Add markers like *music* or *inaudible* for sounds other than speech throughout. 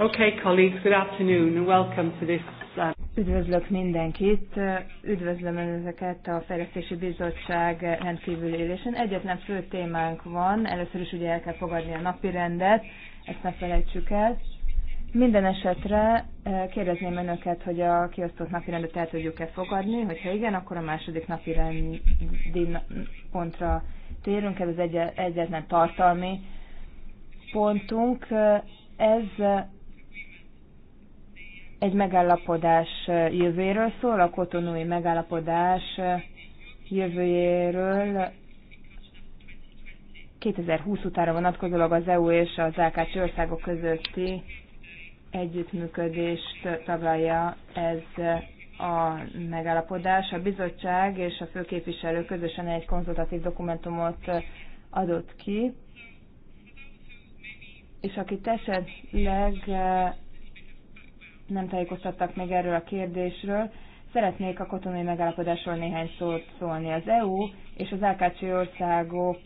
Okay, colleagues, good afternoon and welcome to this. Uh, Üdvözlök mindenkit, üdvözlöm Önöket a Fejlesztési Bizottság rendkívüli élésen. Egyetlen fő témánk van, először is ugye el kell fogadni a napi rendet, ezt ne felejtsük el. Minden esetre eh, kérdezném Önöket, hogy a kiosztott napi rendet el tudjuk-e fogadni, hogyha igen, akkor a második napi rendi pontra térünk, ez az egyetlen tartalmi pontunk. Ez egy megállapodás jövőjéről szól, a kotonói megállapodás jövőjéről 2020 utára vonatkozólag az EU és az AKC országok közötti együttműködést taglalja ez a megállapodás. A bizottság és a főképviselő közösen egy konzultatív dokumentumot adott ki, és akit esetleg nem tájékoztattak még erről a kérdésről. Szeretnék a katonai megállapodásról néhány szót szólni. Az EU és az AKC országok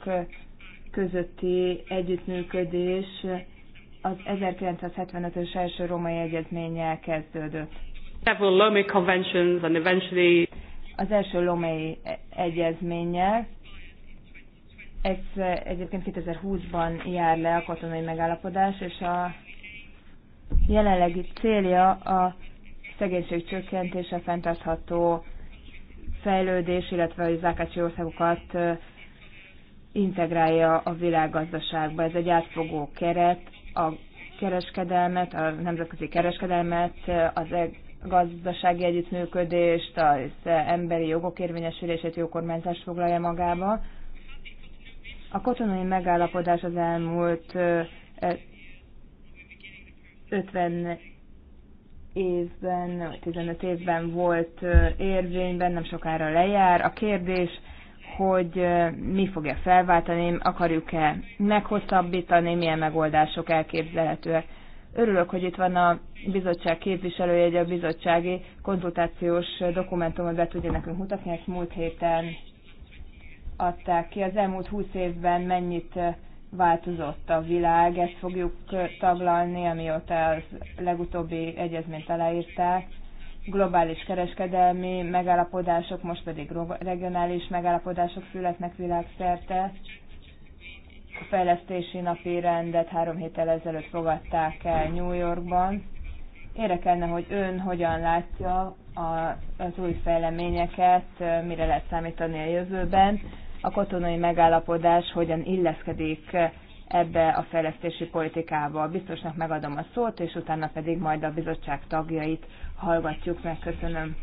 közötti együttműködés az 1975-ös első római egyezménnyel kezdődött. az első Lomé egyezménnyel. Ez egyébként 2020-ban jár le a katonai megállapodás, és a jelenlegi célja a szegénység csökkentése, fenntartható fejlődés, illetve hogy zákácsi országokat integrálja a világgazdaságba. Ez egy átfogó keret, a kereskedelmet, a nemzetközi kereskedelmet, az e- gazdasági együttműködést, az e- emberi jogok érvényesülését, jó kormányzást foglalja magába. A kotonai megállapodás az elmúlt e- 50 évben, vagy 15 évben volt érvényben, nem sokára lejár. A kérdés, hogy mi fogja felváltani, akarjuk-e meghosszabbítani, milyen megoldások elképzelhetőek. Örülök, hogy itt van a bizottság képviselője, egy a bizottsági konzultációs dokumentumot be tudja nekünk mutatni, ezt múlt héten adták ki. Az elmúlt 20 évben mennyit változott a világ, ezt fogjuk taglalni, amióta az legutóbbi egyezményt aláírták. Globális kereskedelmi megállapodások, most pedig regionális megállapodások születnek világszerte. A fejlesztési napi rendet három héttel ezelőtt fogadták el New Yorkban. Érdekelne, hogy ön hogyan látja az új fejleményeket, mire lehet számítani a jövőben a katonai megállapodás hogyan illeszkedik ebbe a fejlesztési politikába. Biztosnak megadom a szót, és utána pedig majd a bizottság tagjait hallgatjuk meg. Köszönöm.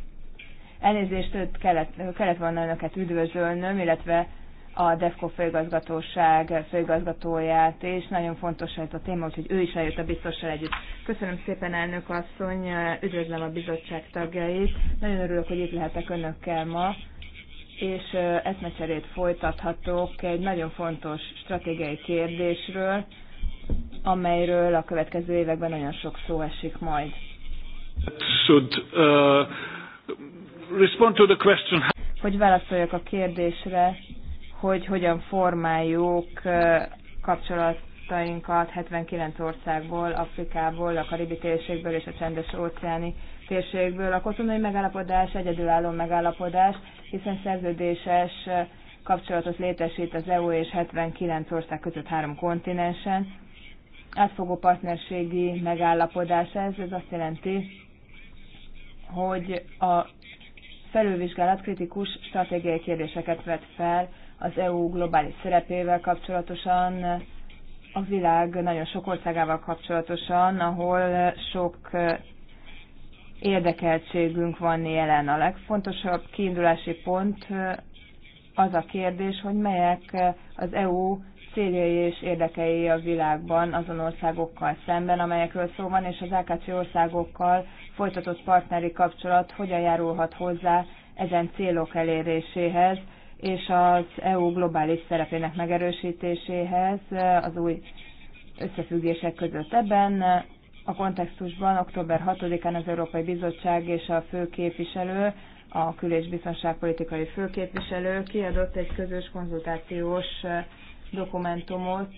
Elnézést, őt kellett, kellett volna önöket üdvözölnöm, illetve a DEFCO főigazgatóság főigazgatóját, és nagyon fontos ez a téma, úgyhogy ő is eljött a biztossal együtt. Köszönöm szépen, elnök asszony, üdvözlöm a bizottság tagjait. Nagyon örülök, hogy itt lehetek önökkel ma és eszmecserét folytathatok egy nagyon fontos stratégiai kérdésről, amelyről a következő években nagyon sok szó esik majd. Should, uh, respond to the question. Hogy válaszoljak a kérdésre, hogy hogyan formáljuk kapcsolatainkat 79 országból, Afrikából, a Karibi térségből és a Csendes óceáni térségből. A kotonai megállapodás egyedülálló megállapodás, hiszen szerződéses kapcsolatot létesít az EU és 79 ország között három kontinensen. Átfogó partnerségi megállapodás ez, ez azt jelenti, hogy a felülvizsgálat kritikus stratégiai kérdéseket vet fel az EU globális szerepével kapcsolatosan, a világ nagyon sok országával kapcsolatosan, ahol sok érdekeltségünk van jelen. A legfontosabb kiindulási pont az a kérdés, hogy melyek az EU céljai és érdekei a világban azon országokkal szemben, amelyekről szó van, és az AKC országokkal folytatott partneri kapcsolat hogyan járulhat hozzá ezen célok eléréséhez, és az EU globális szerepének megerősítéséhez az új összefüggések között. Ebben a kontextusban október 6-án az Európai Bizottság és a főképviselő, a kül- és biztonságpolitikai főképviselő kiadott egy közös konzultációs dokumentumot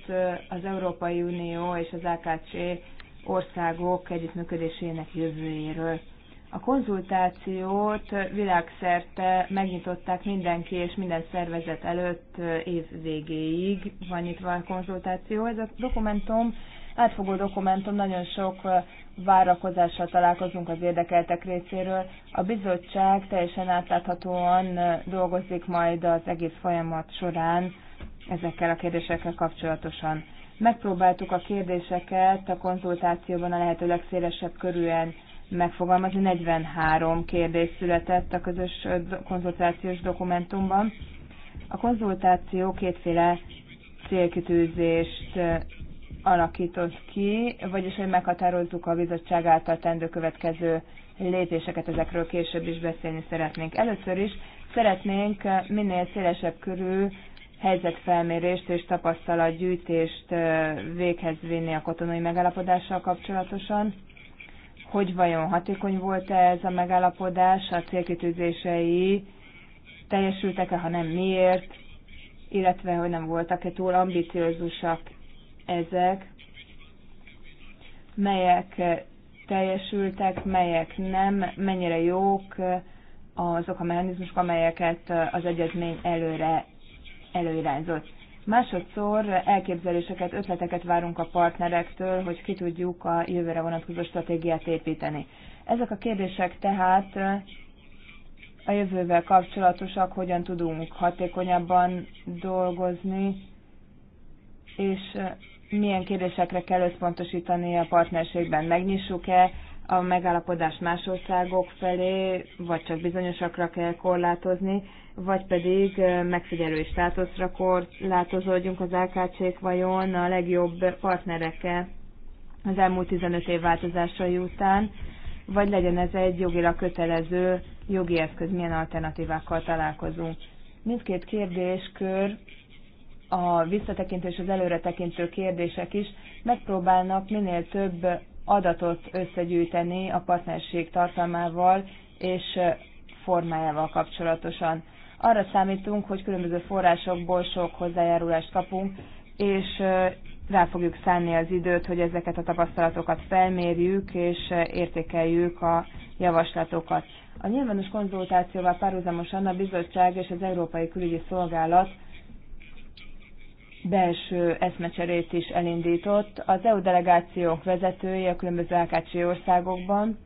az Európai Unió és az AKC országok együttműködésének jövőjéről. A konzultációt világszerte megnyitották mindenki és minden szervezet előtt év végéig van nyitva a konzultáció. Ez a dokumentum átfogó dokumentum, nagyon sok várakozással találkozunk az érdekeltek részéről. A bizottság teljesen átláthatóan dolgozik majd az egész folyamat során ezekkel a kérdésekkel kapcsolatosan. Megpróbáltuk a kérdéseket a konzultációban a lehető legszélesebb körűen megfogalmazni. 43 kérdés született a közös konzultációs dokumentumban. A konzultáció kétféle célkitűzést alakított ki, vagyis hogy meghatározzuk a bizottság által tendő következő lépéseket, ezekről később is beszélni szeretnénk. Először is szeretnénk minél szélesebb körű helyzetfelmérést és tapasztalatgyűjtést véghez vinni a katonai megállapodással kapcsolatosan, hogy vajon hatékony volt-e ez a megállapodás, a célkitűzései teljesültek-e, ha nem miért, illetve hogy nem voltak-e túl ambiciózusak ezek, melyek teljesültek, melyek nem, mennyire jók azok a mechanizmusok, amelyeket az egyezmény előre előirányzott. Másodszor elképzeléseket, ötleteket várunk a partnerektől, hogy ki tudjuk a jövőre vonatkozó stratégiát építeni. Ezek a kérdések tehát a jövővel kapcsolatosak, hogyan tudunk hatékonyabban dolgozni, és milyen kérdésekre kell összpontosítani a partnerségben. Megnyissuk-e a megállapodás más országok felé, vagy csak bizonyosakra kell korlátozni, vagy pedig megfigyelői státuszra korlátozódjunk az lkc vajon a legjobb partnerekkel az elmúlt 15 év változásai után, vagy legyen ez egy jogilag kötelező jogi eszköz, milyen alternatívákkal találkozunk. Mindkét kérdéskör a visszatekintő és az előretekintő kérdések is megpróbálnak minél több adatot összegyűjteni a partnerség tartalmával és formájával kapcsolatosan. Arra számítunk, hogy különböző forrásokból sok hozzájárulást kapunk, és rá fogjuk szánni az időt, hogy ezeket a tapasztalatokat felmérjük és értékeljük a javaslatokat. A nyilvános konzultációval párhuzamosan a bizottság és az Európai Külügyi Szolgálat belső eszmecserét is elindított. Az EU delegációk vezetői a különböző AKC országokban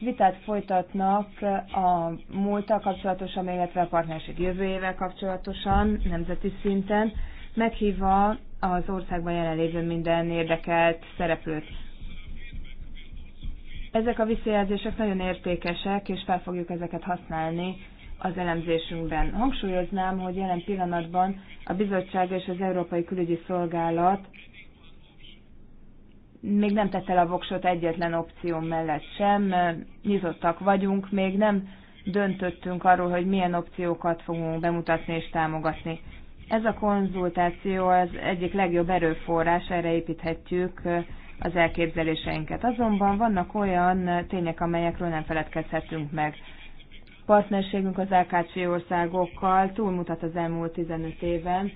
vitát folytatnak a múlttal kapcsolatosan, illetve a partnerség jövőjével kapcsolatosan, nemzeti szinten, meghívva az országban jelenlévő minden érdekelt szereplőt. Ezek a visszajelzések nagyon értékesek, és fel fogjuk ezeket használni az elemzésünkben. Hangsúlyoznám, hogy jelen pillanatban a bizottság és az Európai Külügyi Szolgálat még nem tette a voksot egyetlen opció mellett sem, nyitottak vagyunk, még nem döntöttünk arról, hogy milyen opciókat fogunk bemutatni és támogatni. Ez a konzultáció az egyik legjobb erőforrás, erre építhetjük az elképzeléseinket. Azonban vannak olyan tények, amelyekről nem feledkezhetünk meg partnerségünk az AKC országokkal túlmutat az elmúlt 15 éven.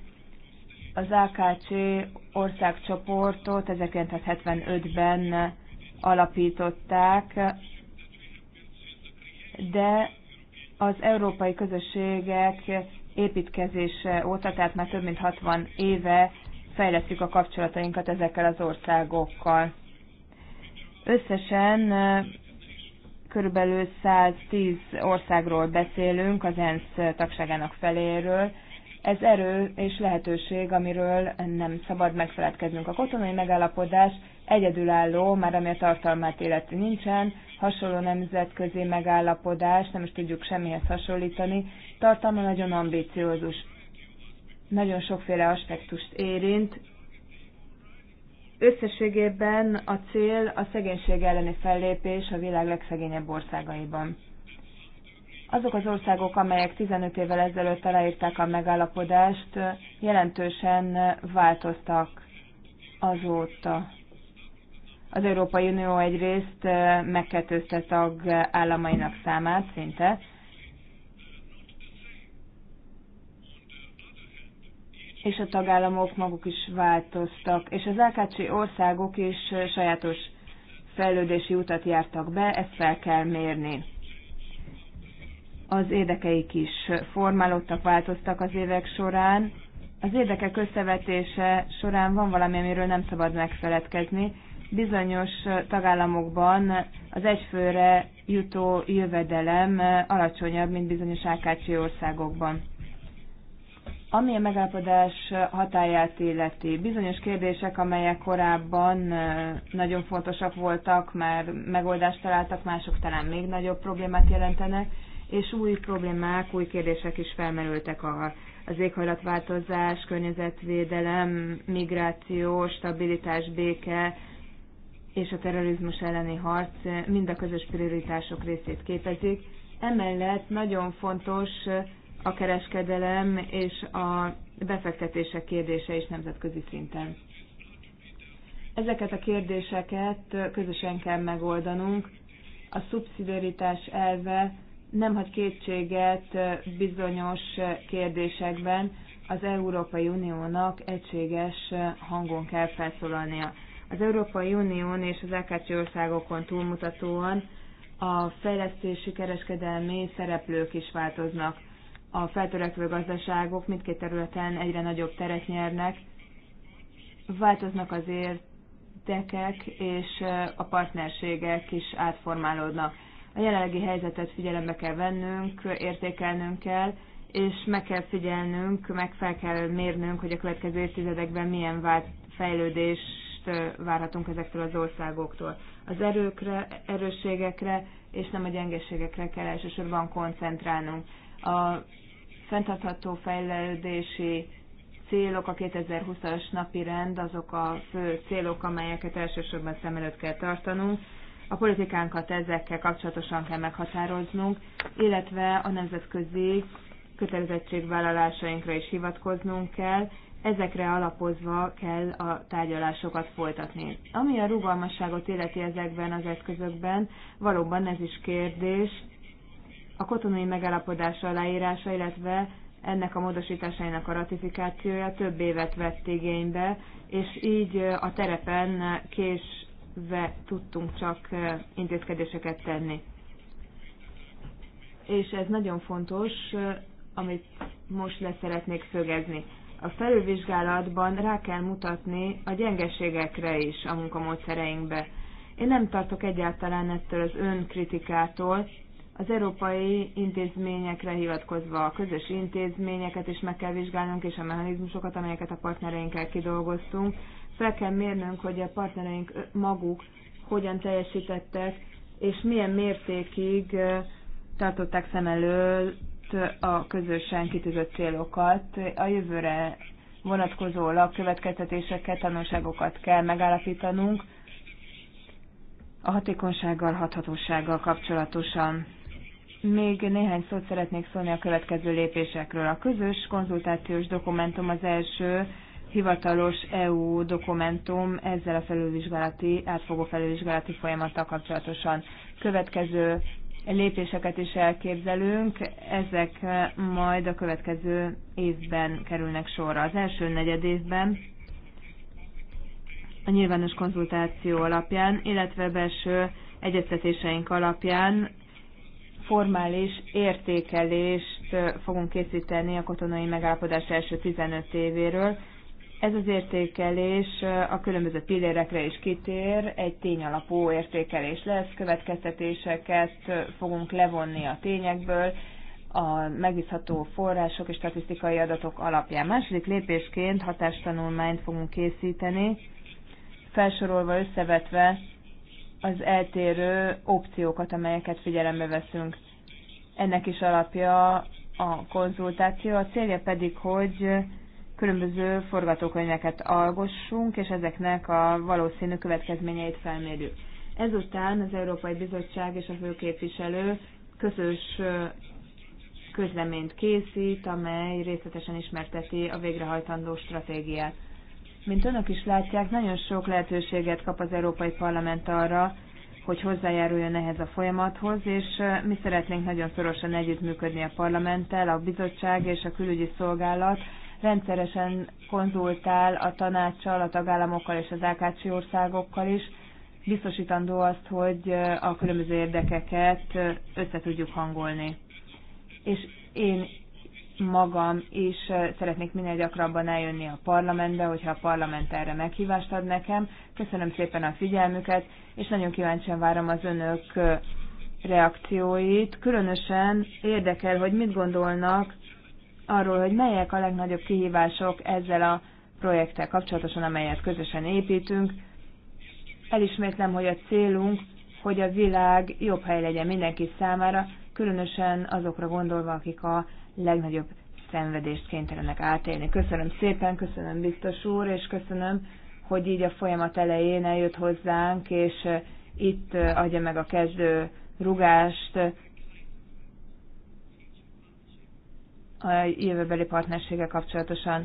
Az AKC országcsoportot 1975-ben alapították, de az európai közösségek építkezése óta, tehát már több mint 60 éve fejlesztjük a kapcsolatainkat ezekkel az országokkal. Összesen körülbelül 110 országról beszélünk az ENSZ tagságának feléről. Ez erő és lehetőség, amiről nem szabad megfeledkeznünk. A kotonai megállapodás egyedülálló, már ami a tartalmát illeti nincsen, hasonló nemzetközi megállapodás, nem is tudjuk semmihez hasonlítani, tartalma nagyon ambiciózus. Nagyon sokféle aspektust érint, Összességében a cél a szegénység elleni fellépés a világ legszegényebb országaiban. Azok az országok, amelyek 15 évvel ezelőtt aláírták a megállapodást, jelentősen változtak azóta. Az Európai Unió egyrészt megkettőzte tag államainak számát szinte, és a tagállamok maguk is változtak, és az AKC országok is sajátos fejlődési utat jártak be, ezt fel kell mérni. Az érdekeik is formálódtak, változtak az évek során. Az érdekek összevetése során van valami, amiről nem szabad megfeledkezni. Bizonyos tagállamokban az egyfőre jutó jövedelem alacsonyabb, mint bizonyos AKC országokban ami a megállapodás hatáját illeti, bizonyos kérdések, amelyek korábban nagyon fontosak voltak, már megoldást találtak, mások talán még nagyobb problémát jelentenek, és új problémák, új kérdések is felmerültek a az éghajlatváltozás, környezetvédelem, migráció, stabilitás, béke és a terrorizmus elleni harc mind a közös prioritások részét képezik. Emellett nagyon fontos a kereskedelem és a befektetések kérdése is nemzetközi szinten. Ezeket a kérdéseket közösen kell megoldanunk. A szubszidiaritás elve nem hagy kétséget bizonyos kérdésekben, az Európai Uniónak egységes hangon kell felszólalnia. Az Európai Unión és az AKC országokon túlmutatóan a fejlesztési kereskedelmi szereplők is változnak a feltörekvő gazdaságok mindkét területen egyre nagyobb teret nyernek, változnak az értekek, és a partnerségek is átformálódnak. A jelenlegi helyzetet figyelembe kell vennünk, értékelnünk kell, és meg kell figyelnünk, meg fel kell mérnünk, hogy a következő évtizedekben milyen vált fejlődést várhatunk ezektől az országoktól. Az erőkre, erősségekre és nem a gyengeségekre kell elsősorban koncentrálnunk. A fenntartható fejlődési célok, a 2020-as napi rend, azok a fő célok, amelyeket elsősorban szem előtt kell tartanunk. A politikánkat ezekkel kapcsolatosan kell meghatároznunk, illetve a nemzetközi kötelezettségvállalásainkra is hivatkoznunk kell, ezekre alapozva kell a tárgyalásokat folytatni. Ami a rugalmasságot illeti ezekben az eszközökben, valóban ez is kérdés, a kotonai megállapodás aláírása, illetve ennek a módosításainak a ratifikációja több évet vett igénybe, és így a terepen késve tudtunk csak intézkedéseket tenni. És ez nagyon fontos, amit most leszeretnék szögezni. A felülvizsgálatban rá kell mutatni a gyengeségekre is a munkamódszereinkbe. Én nem tartok egyáltalán ettől az önkritikától, az európai intézményekre hivatkozva a közös intézményeket is meg kell vizsgálnunk, és a mechanizmusokat, amelyeket a partnereinkkel kidolgoztunk. Fel kell mérnünk, hogy a partnereink maguk hogyan teljesítettek, és milyen mértékig tartották szem előtt a közösen kitűzött célokat. A jövőre vonatkozólag következtetéseket, tanulságokat kell megállapítanunk a hatékonysággal, hathatósággal kapcsolatosan. Még néhány szót szeretnék szólni a következő lépésekről. A közös konzultációs dokumentum az első hivatalos EU dokumentum ezzel a felülvizsgálati, átfogó felülvizsgálati folyamattal kapcsolatosan. Következő lépéseket is elképzelünk, ezek majd a következő évben kerülnek sorra. Az első negyed évben a nyilvános konzultáció alapján, illetve belső egyeztetéseink alapján formális értékelést fogunk készíteni a katonai megállapodás első 15 évéről. Ez az értékelés a különböző pillérekre is kitér, egy tényalapú értékelés lesz, következtetéseket fogunk levonni a tényekből, a megbízható források és statisztikai adatok alapján. Második lépésként hatástanulmányt fogunk készíteni, felsorolva, összevetve az eltérő opciókat, amelyeket figyelembe veszünk. Ennek is alapja a konzultáció, a célja pedig, hogy különböző forgatókönyveket algossunk, és ezeknek a valószínű következményeit felmérjük. Ezután az Európai Bizottság és a főképviselő közös közleményt készít, amely részletesen ismerteti a végrehajtandó stratégiát. Mint önök is látják, nagyon sok lehetőséget kap az Európai Parlament arra, hogy hozzájáruljon ehhez a folyamathoz, és mi szeretnénk nagyon szorosan együttműködni a parlamenttel, a bizottság és a külügyi szolgálat rendszeresen konzultál a tanácssal, a tagállamokkal és az ákácsi országokkal is, biztosítandó azt, hogy a különböző érdekeket össze tudjuk hangolni. És én magam is szeretnék minél gyakrabban eljönni a parlamentbe, hogyha a parlament erre meghívást ad nekem. Köszönöm szépen a figyelmüket, és nagyon kíváncsian várom az önök reakcióit. Különösen érdekel, hogy mit gondolnak arról, hogy melyek a legnagyobb kihívások ezzel a projekttel kapcsolatosan, amelyet közösen építünk. Elismétlem, hogy a célunk, hogy a világ jobb hely legyen mindenki számára, különösen azokra gondolva, akik a legnagyobb szenvedést kénytelenek átélni. Köszönöm szépen, köszönöm biztos úr, és köszönöm, hogy így a folyamat elején eljött hozzánk, és eh, itt eh, adja meg a kezdő rugást a jövőbeli partnersége kapcsolatosan.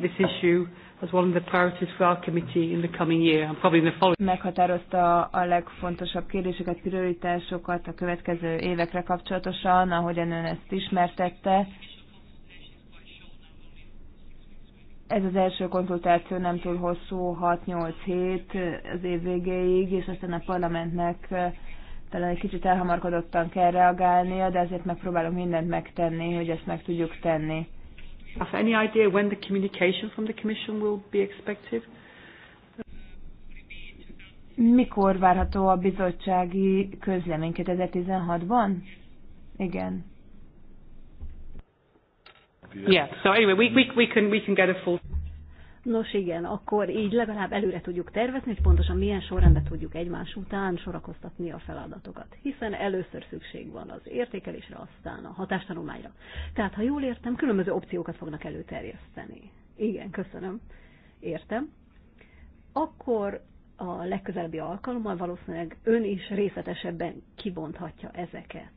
This issue Meghatározta a legfontosabb kérdéseket, prioritásokat a következő évekre kapcsolatosan, ahogyan ön ezt ismertette. Ez az első konzultáció nem túl hosszú, 6-8 hét az év végéig, és aztán a parlamentnek eh, talán egy kicsit elhamarkodottan kell reagálnia, de azért megpróbálunk mindent megtenni, hogy ezt meg tudjuk tenni. Have any idea when the communication from the Commission will be expected? Mikor várható a bizottsági közlemény 2016-ban? Igen. Yeah, so anyway, we, we, we, can, we can get a full... Nos igen, akkor így legalább előre tudjuk tervezni, hogy pontosan milyen sorrendben tudjuk egymás után sorakoztatni a feladatokat. Hiszen először szükség van az értékelésre, aztán a hatástanulmányra. Tehát, ha jól értem, különböző opciókat fognak előterjeszteni. Igen, köszönöm. Értem. Akkor a legközelebbi alkalommal valószínűleg ön is részletesebben kibonthatja ezeket.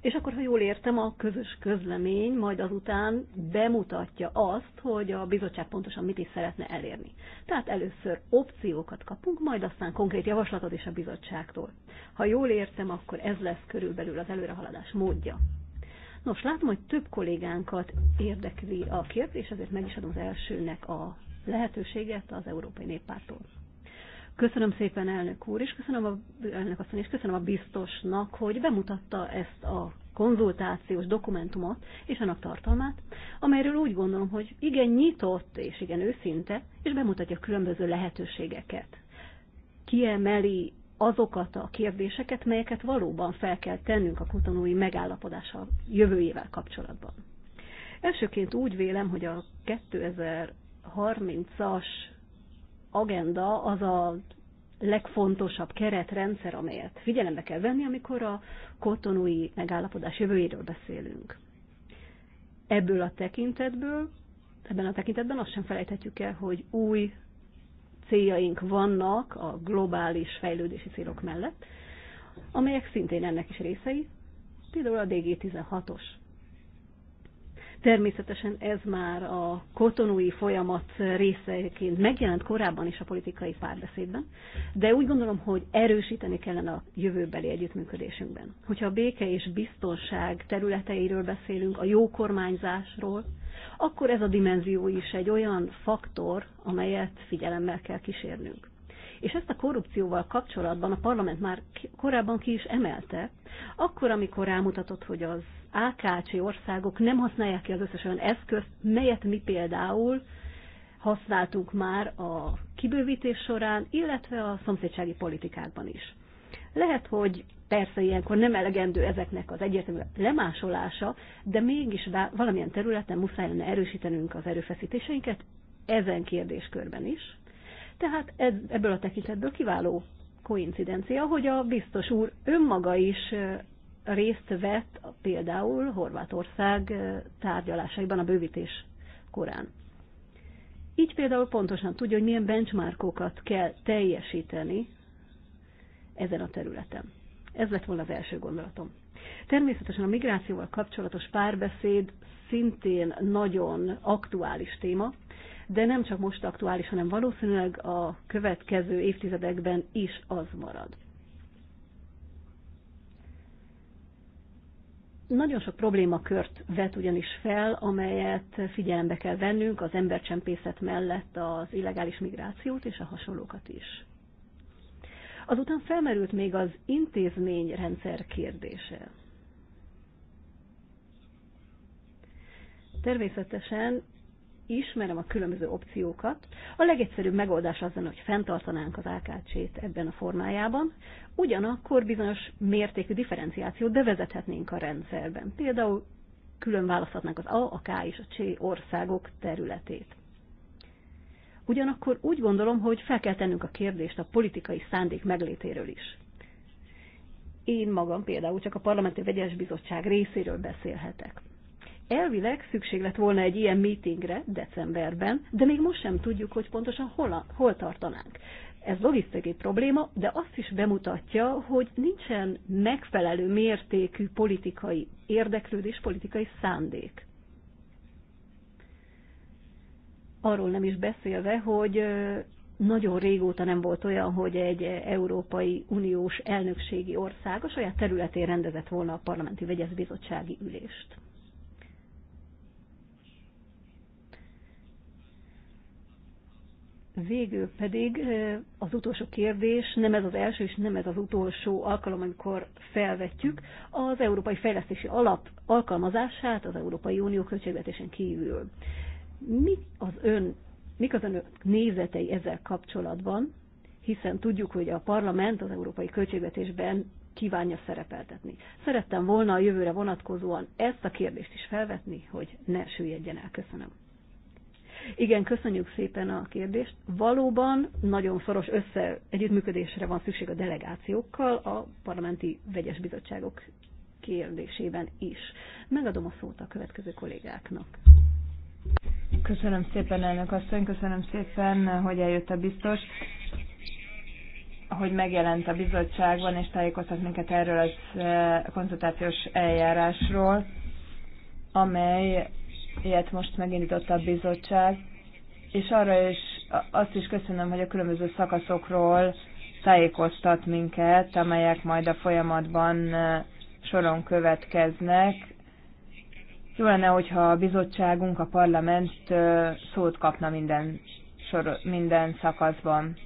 És akkor, ha jól értem, a közös közlemény majd azután bemutatja azt, hogy a bizottság pontosan mit is szeretne elérni. Tehát először opciókat kapunk, majd aztán konkrét javaslatot is a bizottságtól. Ha jól értem, akkor ez lesz körülbelül az előrehaladás módja. Nos, látom, hogy több kollégánkat érdekli a kérdés, ezért meg is adom az elsőnek a lehetőséget az Európai Néppártól. Köszönöm szépen elnök úr, és köszönöm a, elnök asszony, és köszönöm a biztosnak, hogy bemutatta ezt a konzultációs dokumentumot és annak tartalmát, amelyről úgy gondolom, hogy igen nyitott és igen őszinte, és bemutatja a különböző lehetőségeket. Kiemeli azokat a kérdéseket, melyeket valóban fel kell tennünk a kotonói megállapodása jövőjével kapcsolatban. Elsőként úgy vélem, hogy a 2030-as agenda az a legfontosabb keretrendszer, amelyet figyelembe kell venni, amikor a kotonúi megállapodás jövőjéről beszélünk. Ebből a tekintetből, ebben a tekintetben azt sem felejthetjük el, hogy új céljaink vannak a globális fejlődési célok mellett, amelyek szintén ennek is részei, például a DG16-os Természetesen ez már a kotonúi folyamat részeként megjelent korábban is a politikai párbeszédben, de úgy gondolom, hogy erősíteni kellene a jövőbeli együttműködésünkben. Hogyha a béke és biztonság területeiről beszélünk, a jó kormányzásról, akkor ez a dimenzió is egy olyan faktor, amelyet figyelemmel kell kísérnünk és ezt a korrupcióval kapcsolatban a parlament már korábban ki is emelte, akkor, amikor rámutatott, hogy az AKC országok nem használják ki az összes olyan eszközt, melyet mi például használtunk már a kibővítés során, illetve a szomszédsági politikákban is. Lehet, hogy persze ilyenkor nem elegendő ezeknek az egyértelmű lemásolása, de mégis valamilyen területen muszáj lenne erősítenünk az erőfeszítéseinket ezen kérdéskörben is. Tehát ebből a tekintetből kiváló koincidencia, hogy a biztos úr önmaga is részt vett például Horvátország tárgyalásaiban a bővítés korán. Így például pontosan tudja, hogy milyen benchmarkokat kell teljesíteni ezen a területen. Ez lett volna az első gondolatom. Természetesen a migrációval kapcsolatos párbeszéd szintén nagyon aktuális téma, de nem csak most aktuális, hanem valószínűleg a következő évtizedekben is az marad. Nagyon sok problémakört vet ugyanis fel, amelyet figyelembe kell vennünk az embercsempészet mellett az illegális migrációt és a hasonlókat is. Azután felmerült még az intézményrendszer kérdése. Természetesen ismerem a különböző opciókat. A legegyszerűbb megoldás az lenne, hogy fenntartanánk az AKC-t ebben a formájában, ugyanakkor bizonyos mértékű differenciációt bevezethetnénk a rendszerben. Például külön választhatnánk az A, a K és a C országok területét. Ugyanakkor úgy gondolom, hogy fel kell tennünk a kérdést a politikai szándék meglétéről is. Én magam például csak a Parlamenti Vegyes Bizottság részéről beszélhetek. Elvileg szükség lett volna egy ilyen meetingre decemberben, de még most sem tudjuk, hogy pontosan hol, a, hol tartanánk. Ez logisztikai probléma, de azt is bemutatja, hogy nincsen megfelelő mértékű politikai érdeklődés, politikai szándék. Arról nem is beszélve, hogy nagyon régóta nem volt olyan, hogy egy Európai Uniós elnökségi ország a saját területén rendezett volna a parlamenti vegyezbizottsági ülést. Végül pedig az utolsó kérdés, nem ez az első és nem ez az utolsó alkalom, amikor felvetjük az Európai Fejlesztési Alap alkalmazását az Európai Unió költségvetésen kívül. Mi az ön, mik az önök nézetei ezzel kapcsolatban, hiszen tudjuk, hogy a parlament az európai költségvetésben kívánja szerepeltetni. Szerettem volna a jövőre vonatkozóan ezt a kérdést is felvetni, hogy ne süllyedjen el. Köszönöm. Igen, köszönjük szépen a kérdést. Valóban nagyon szoros össze együttműködésre van szükség a delegációkkal, a parlamenti vegyes bizottságok kérdésében is. Megadom a szót a következő kollégáknak. Köszönöm szépen, elnök asszony, köszönöm szépen, hogy eljött a biztos, hogy megjelent a bizottságban, és tájékoztat minket erről az eh, konzultációs eljárásról, amely ilyet most megindította a bizottság, és arra is azt is köszönöm, hogy a különböző szakaszokról tájékoztat minket, amelyek majd a folyamatban soron következnek. Jó lenne, hogyha a bizottságunk, a parlament szót kapna minden, sor, minden szakaszban.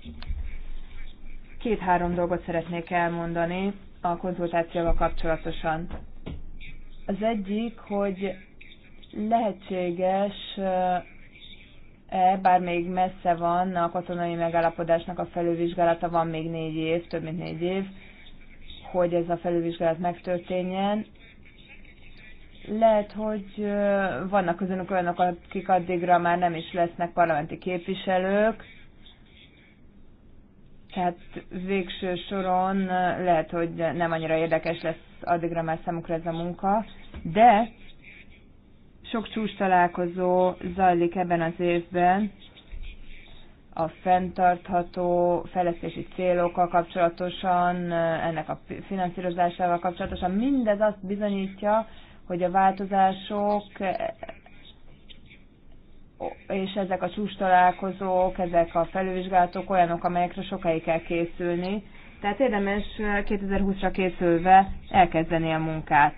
Két-három dolgot szeretnék elmondani a konzultációval kapcsolatosan. Az egyik, hogy lehetséges E, bár még messze van, a katonai megállapodásnak a felülvizsgálata van még négy év, több mint négy év, hogy ez a felülvizsgálat megtörténjen. Lehet, hogy e, vannak közönök olyanok, akik addigra már nem is lesznek parlamenti képviselők, tehát végső soron lehet, hogy nem annyira érdekes lesz addigra már számukra ez a munka, de sok csúcs találkozó zajlik ebben az évben a fenntartható fejlesztési célokkal kapcsolatosan, ennek a finanszírozásával kapcsolatosan. Mindez azt bizonyítja, hogy a változások és ezek a csúcs találkozók, ezek a felülvizsgálatok olyanok, amelyekre sokáig kell készülni. Tehát érdemes 2020-ra készülve elkezdeni a munkát.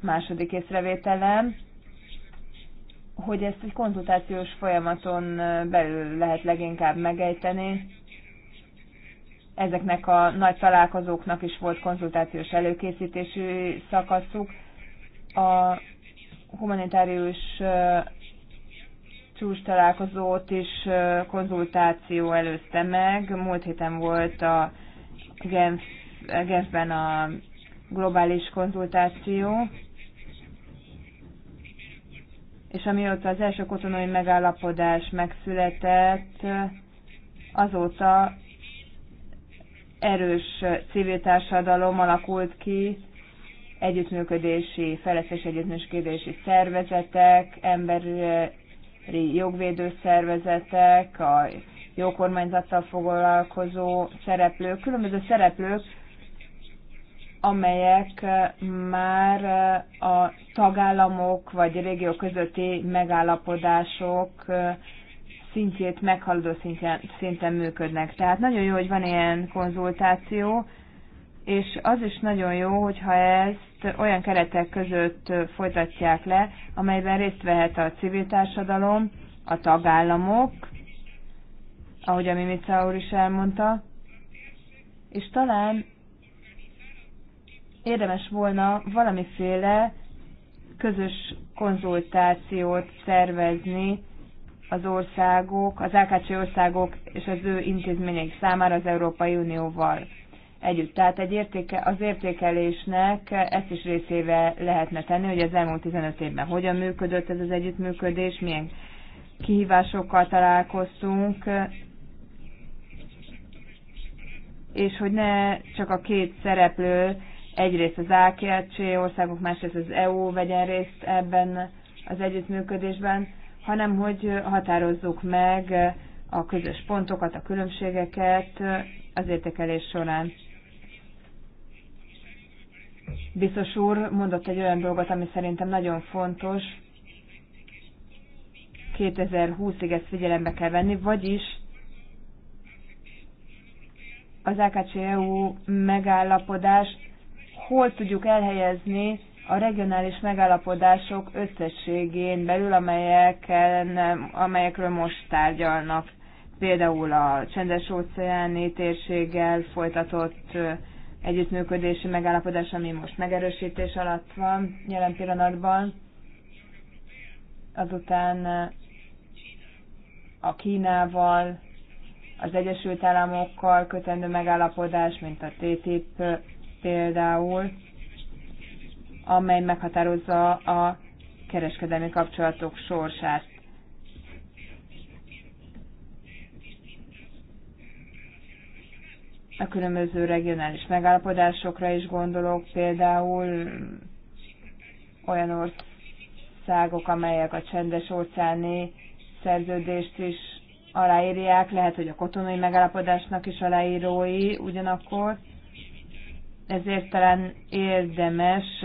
Második észrevételem, hogy ezt egy konzultációs folyamaton belül lehet leginkább megejteni. Ezeknek a nagy találkozóknak is volt konzultációs előkészítésű szakaszuk. A humanitárius csúcs találkozót is konzultáció előzte meg. Múlt héten volt a Genf, Genfben a globális konzultáció és amióta az első kotonai megállapodás megszületett, azóta erős civil társadalom alakult ki, együttműködési, feleszes együttműködési szervezetek, emberi jogvédő szervezetek, a jókormányzattal foglalkozó szereplők, különböző szereplők amelyek eh, már eh, a tagállamok vagy régiók közötti megállapodások eh, szintjét meghaladó szinten, szinten működnek. Tehát nagyon jó, hogy van ilyen konzultáció, és az is nagyon jó, hogyha ezt olyan keretek között folytatják le, amelyben részt vehet a civil társadalom, a tagállamok, ahogy a Mimica úr is elmondta, és talán érdemes volna valamiféle közös konzultációt szervezni az országok, az AKC országok és az ő intézmények számára az Európai Unióval együtt. Tehát egy értéke, az értékelésnek ezt is részével lehetne tenni, hogy az elmúlt 15 évben hogyan működött ez az együttműködés, milyen kihívásokkal találkoztunk, és hogy ne csak a két szereplő egyrészt az AKC országok, másrészt az EU vegyen részt ebben az együttműködésben, hanem hogy határozzuk meg a közös pontokat, a különbségeket az értékelés során. Biztos úr mondott egy olyan dolgot, ami szerintem nagyon fontos, 2020-ig ezt figyelembe kell venni, vagyis az AKC-EU megállapodás hol tudjuk elhelyezni a regionális megállapodások összességén belül, amelyeken, amelyekről most tárgyalnak. Például a csendes óceáni térséggel folytatott együttműködési megállapodás, ami most megerősítés alatt van jelen pillanatban. Azután a Kínával, az Egyesült Államokkal kötendő megállapodás, mint a TTIP például, amely meghatározza a kereskedelmi kapcsolatok sorsát. A különböző regionális megállapodásokra is gondolok, például olyan országok, amelyek a csendes óceáni szerződést is aláírják, lehet, hogy a kotonai megállapodásnak is aláírói ugyanakkor, ezért talán érdemes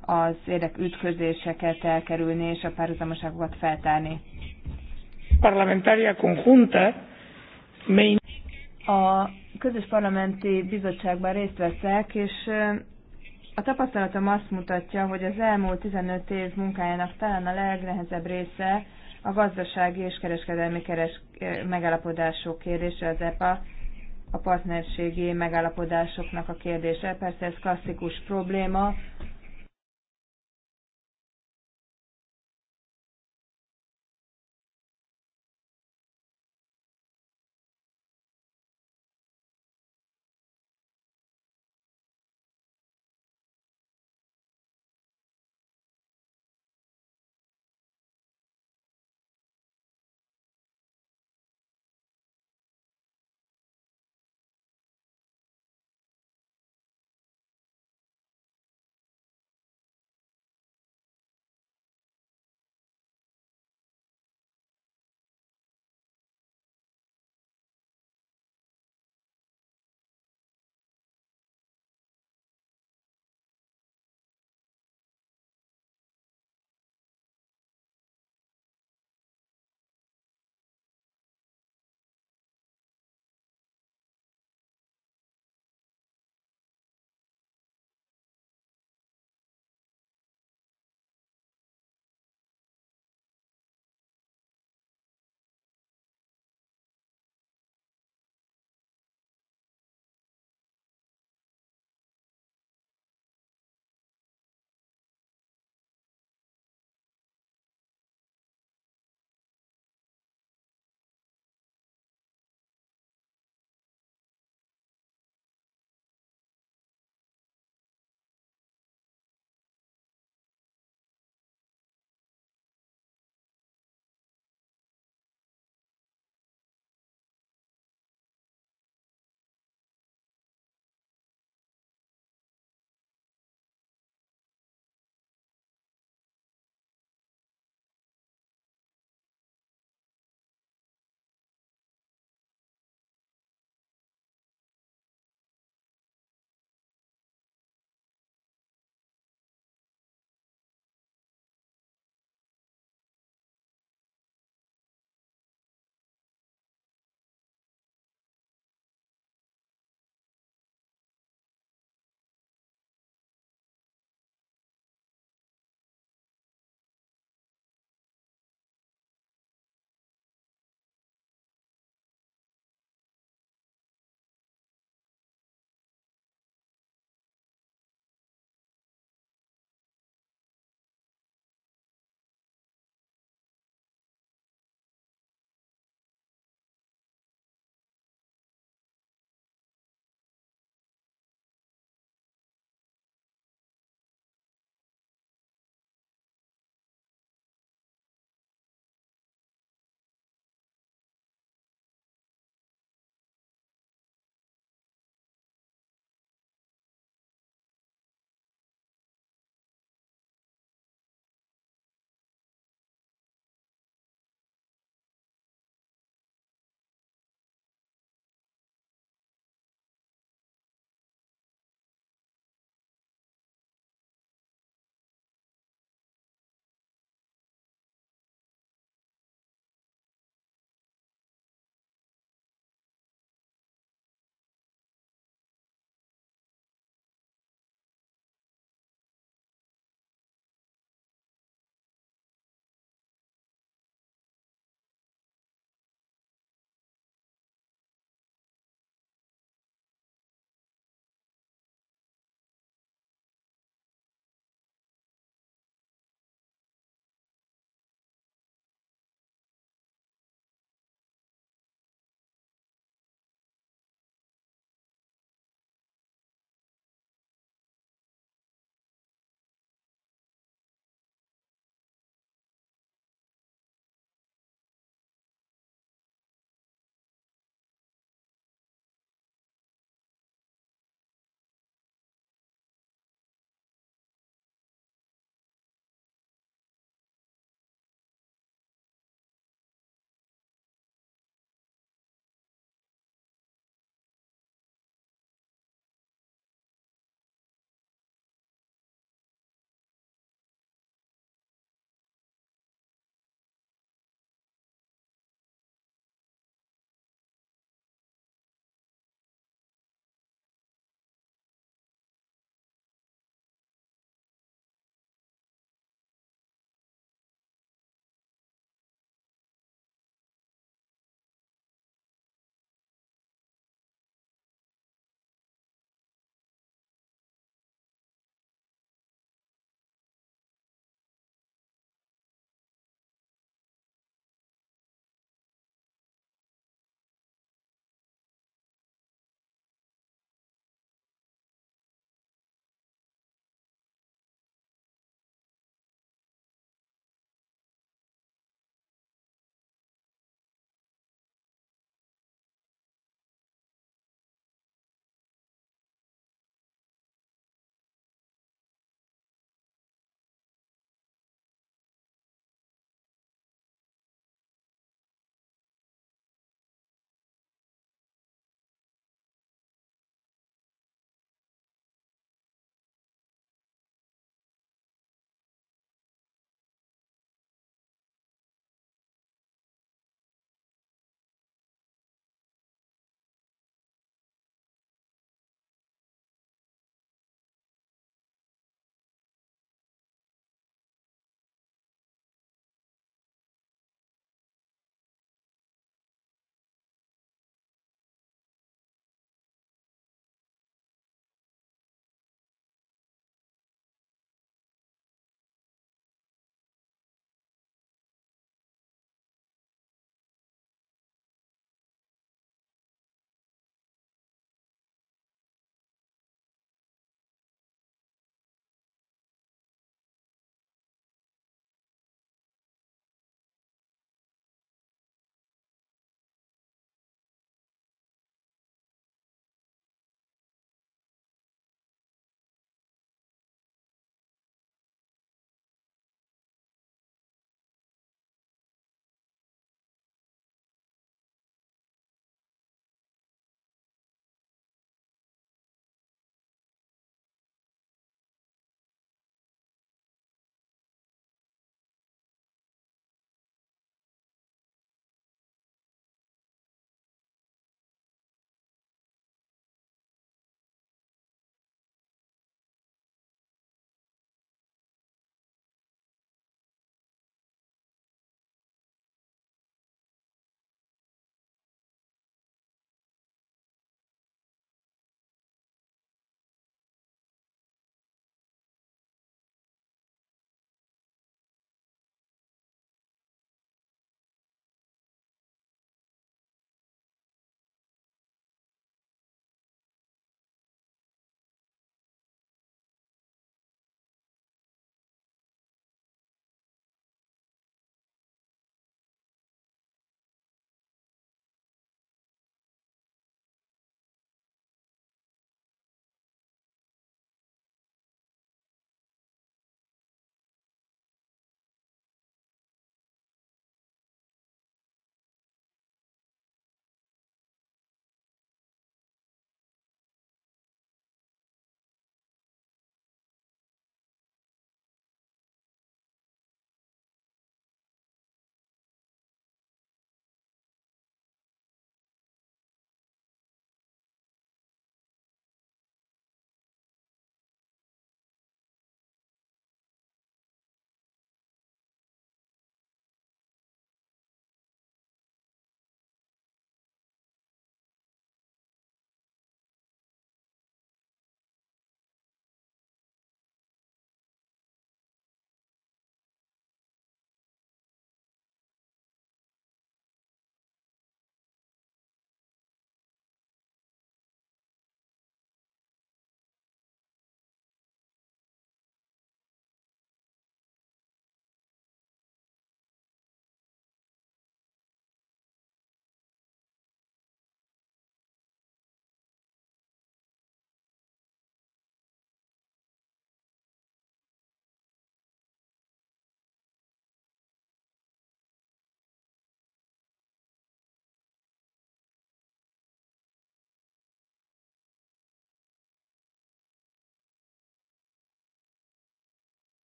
az érdekütközéseket elkerülni és a párhuzamoságokat feltárni. a közös parlamenti bizottságban részt veszek, és a tapasztalatom azt mutatja, hogy az elmúlt 15 év munkájának talán a legnehezebb része a gazdasági és kereskedelmi keres megállapodások kérdése az EPA a partnerségi megállapodásoknak a kérdése. Persze ez klasszikus probléma,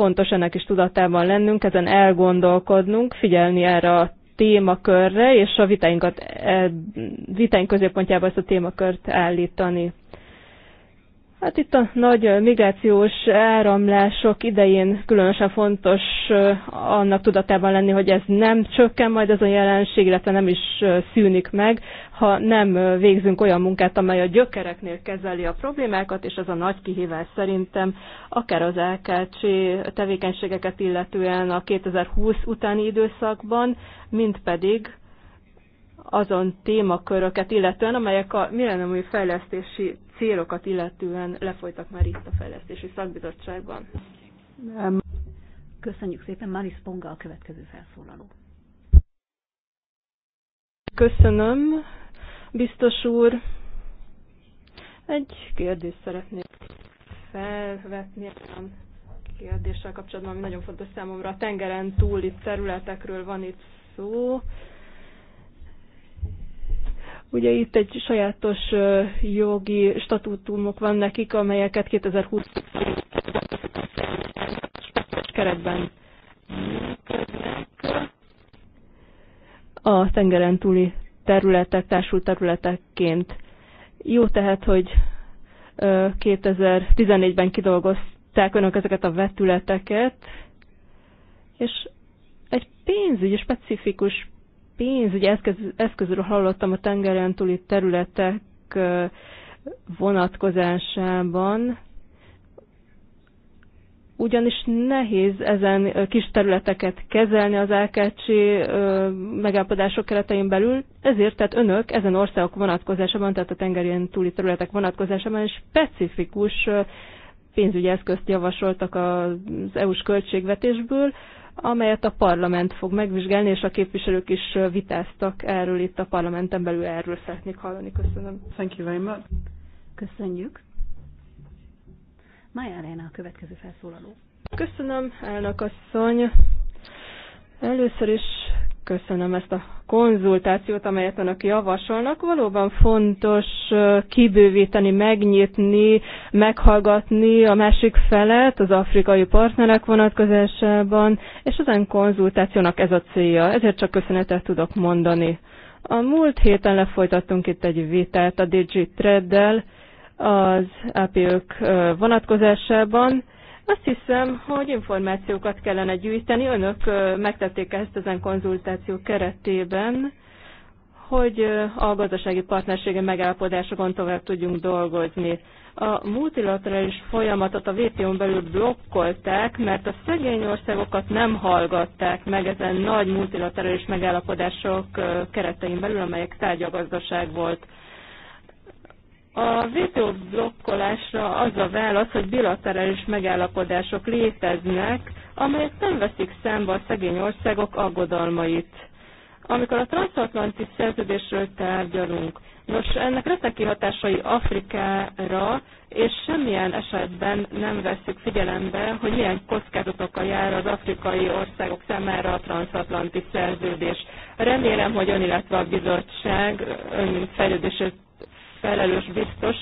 fontos ennek is tudatában lennünk, ezen elgondolkodnunk, figyelni erre a témakörre, és a vitáinkat, e, vitáink középpontjába ezt a témakört állítani. Hát itt a nagy migrációs áramlások idején különösen fontos annak tudatában lenni, hogy ez nem csökken majd ez a jelenség, illetve nem is szűnik meg, ha nem végzünk olyan munkát, amely a gyökereknél kezeli a problémákat, és ez a nagy kihívás szerintem akár az LKC tevékenységeket illetően a 2020 utáni időszakban, mint pedig azon témaköröket, illetően amelyek a millenniumi fejlesztési célokat illetően lefolytak már itt a fejlesztési szakbizottságban. Köszönjük szépen, Maris Ponga a következő felszólaló. Köszönöm, biztos úr. Egy kérdést szeretnék felvetni, a kérdéssel kapcsolatban, ami nagyon fontos számomra. A tengeren túli területekről van itt szó. Ugye itt egy sajátos jogi statútumok van nekik, amelyeket 2020 keretben a tengeren túli területek, társult területekként. Jó tehát, hogy 2014-ben kidolgozták önök ezeket a vetületeket, és egy pénzügyi specifikus pénzügyi eszköz, eszközről hallottam a tengeren túli területek vonatkozásában, ugyanis nehéz ezen kis területeket kezelni az LKC megállapodások keretein belül, ezért tehát önök ezen országok vonatkozásában, tehát a tengerén túli területek vonatkozásában specifikus pénzügyi eszközt javasoltak az EU-s költségvetésből, amelyet a parlament fog megvizsgálni, és a képviselők is vitáztak erről itt a parlamenten belül, erről szeretnék hallani. Köszönöm. Thank you very much. Köszönjük. Maja Arena a következő felszólaló. Köszönöm, elnök asszony. Először is köszönöm ezt a konzultációt, amelyet önök javasolnak. Valóban fontos kibővíteni, megnyitni, meghallgatni a másik felet az afrikai partnerek vonatkozásában, és az ön konzultációnak ez a célja. Ezért csak köszönetet tudok mondani. A múlt héten lefolytattunk itt egy vitát a digitrade az ap vonatkozásában, azt hiszem, hogy információkat kellene gyűjteni. Önök megtették ezt ezen konzultáció keretében, hogy a gazdasági partnersége megállapodásokon tovább tudjunk dolgozni. A multilaterális folyamatot a WTO-n belül blokkolták, mert a szegény országokat nem hallgatták meg ezen nagy multilaterális megállapodások keretein belül, amelyek tárgyagazdaság volt. A WTO az a válasz, hogy bilaterális megállapodások léteznek, amelyek nem veszik számba a szegény országok aggodalmait. Amikor a transatlanti szerződésről tárgyalunk, nos, ennek lesznek kihatásai Afrikára, és semmilyen esetben nem veszük figyelembe, hogy milyen kockázatokkal jár az afrikai országok számára a transatlanti szerződés. Remélem, hogy ön, illetve a bizottság ön fejlődését felelős biztos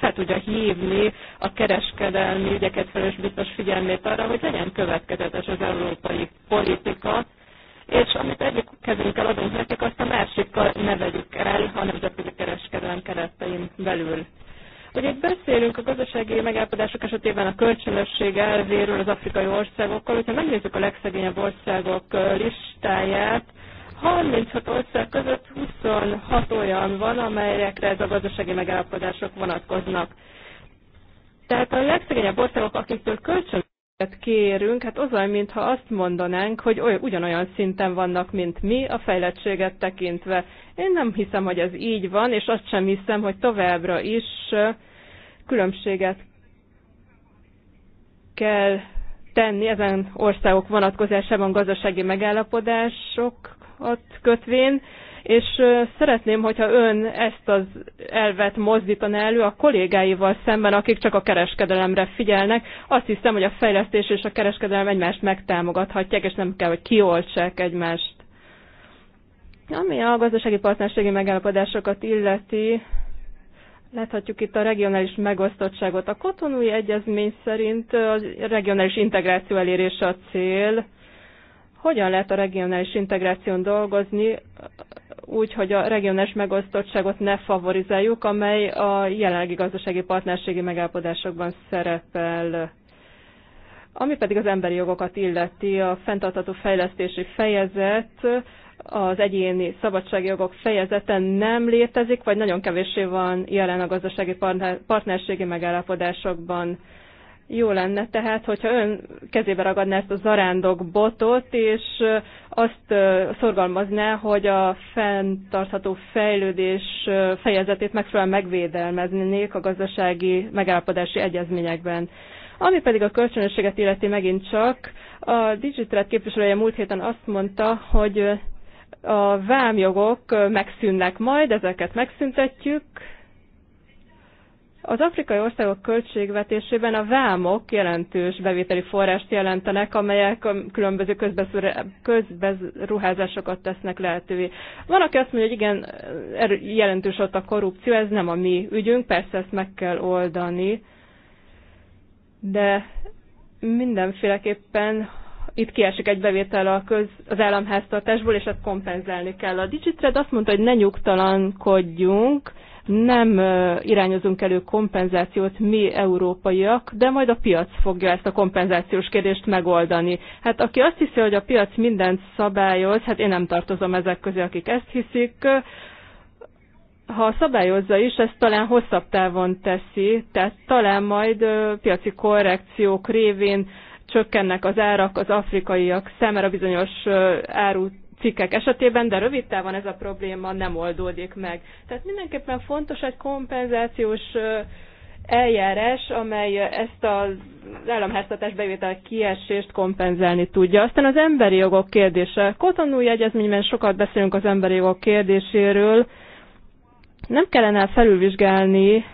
fel tudja hívni a kereskedelmi ügyeket felelős biztos figyelmét arra, hogy legyen következetes az európai politika, és amit egyik kezünkkel adunk nekik, azt a másikkal ne vegyük el a nemzetközi kereskedelem keretein belül. Ugye itt beszélünk a gazdasági megállapodások esetében a kölcsönösség elvéről az afrikai országokkal, hogyha megnézzük a legszegényebb országok listáját, 36 ország között 26 olyan van, amelyekre ez a gazdasági megállapodások vonatkoznak. Tehát a legszegényebb országok, akiktől kölcsönöket kérünk, hát az olyan, mintha azt mondanánk, hogy olyan, ugyanolyan szinten vannak, mint mi a fejlettséget tekintve. Én nem hiszem, hogy ez így van, és azt sem hiszem, hogy továbbra is különbséget kell tenni ezen országok vonatkozásában gazdasági megállapodások ott kötvén, és szeretném, hogyha ön ezt az elvet mozdítaná elő a kollégáival szemben, akik csak a kereskedelemre figyelnek. Azt hiszem, hogy a fejlesztés és a kereskedelem egymást megtámogathatják, és nem kell, hogy kioltsák egymást. Ami a gazdasági partnerségi megállapodásokat illeti, láthatjuk itt a regionális megosztottságot. A kotonúi egyezmény szerint a regionális integráció elérése a cél, hogyan lehet a regionális integráción dolgozni, úgy, hogy a regionális megosztottságot ne favorizáljuk, amely a jelenlegi gazdasági partnerségi megállapodásokban szerepel. Ami pedig az emberi jogokat illeti, a fenntartható fejlesztési fejezet, az egyéni szabadságjogok fejezeten nem létezik, vagy nagyon kevésé van jelen a gazdasági partnerségi megállapodásokban. Jó lenne tehát, hogyha ön kezébe ragadná ezt a zarándok botot, és azt szorgalmazná, hogy a fenntartható fejlődés fejezetét megfelelően megvédelmeznék a gazdasági megállapodási egyezményekben. Ami pedig a kölcsönösséget illeti megint csak, a Digitrat képviselője múlt héten azt mondta, hogy a vámjogok megszűnnek majd, ezeket megszüntetjük, az afrikai országok költségvetésében a vámok jelentős bevételi forrást jelentenek, amelyek különböző közbezruházásokat tesznek lehetővé. Van, aki azt mondja, hogy igen, er, jelentős ott a korrupció, ez nem a mi ügyünk, persze ezt meg kell oldani, de mindenféleképpen itt kiesik egy bevétel a köz, az államháztartásból, és ezt kompenzálni kell. A Digitred azt mondta, hogy ne nyugtalankodjunk, nem irányozunk elő kompenzációt mi európaiak, de majd a piac fogja ezt a kompenzációs kérdést megoldani. Hát aki azt hiszi, hogy a piac mindent szabályoz, hát én nem tartozom ezek közé, akik ezt hiszik, ha szabályozza is, ezt talán hosszabb távon teszi, tehát talán majd piaci korrekciók révén csökkennek az árak az afrikaiak számára bizonyos árut cikkek esetében, de rövid távon ez a probléma nem oldódik meg. Tehát mindenképpen fontos egy kompenzációs eljárás, amely ezt az államháztatás bevétel kiesést kompenzálni tudja. Aztán az emberi jogok kérdése. Kotonúi egyezményben sokat beszélünk az emberi jogok kérdéséről. Nem kellene felülvizsgálni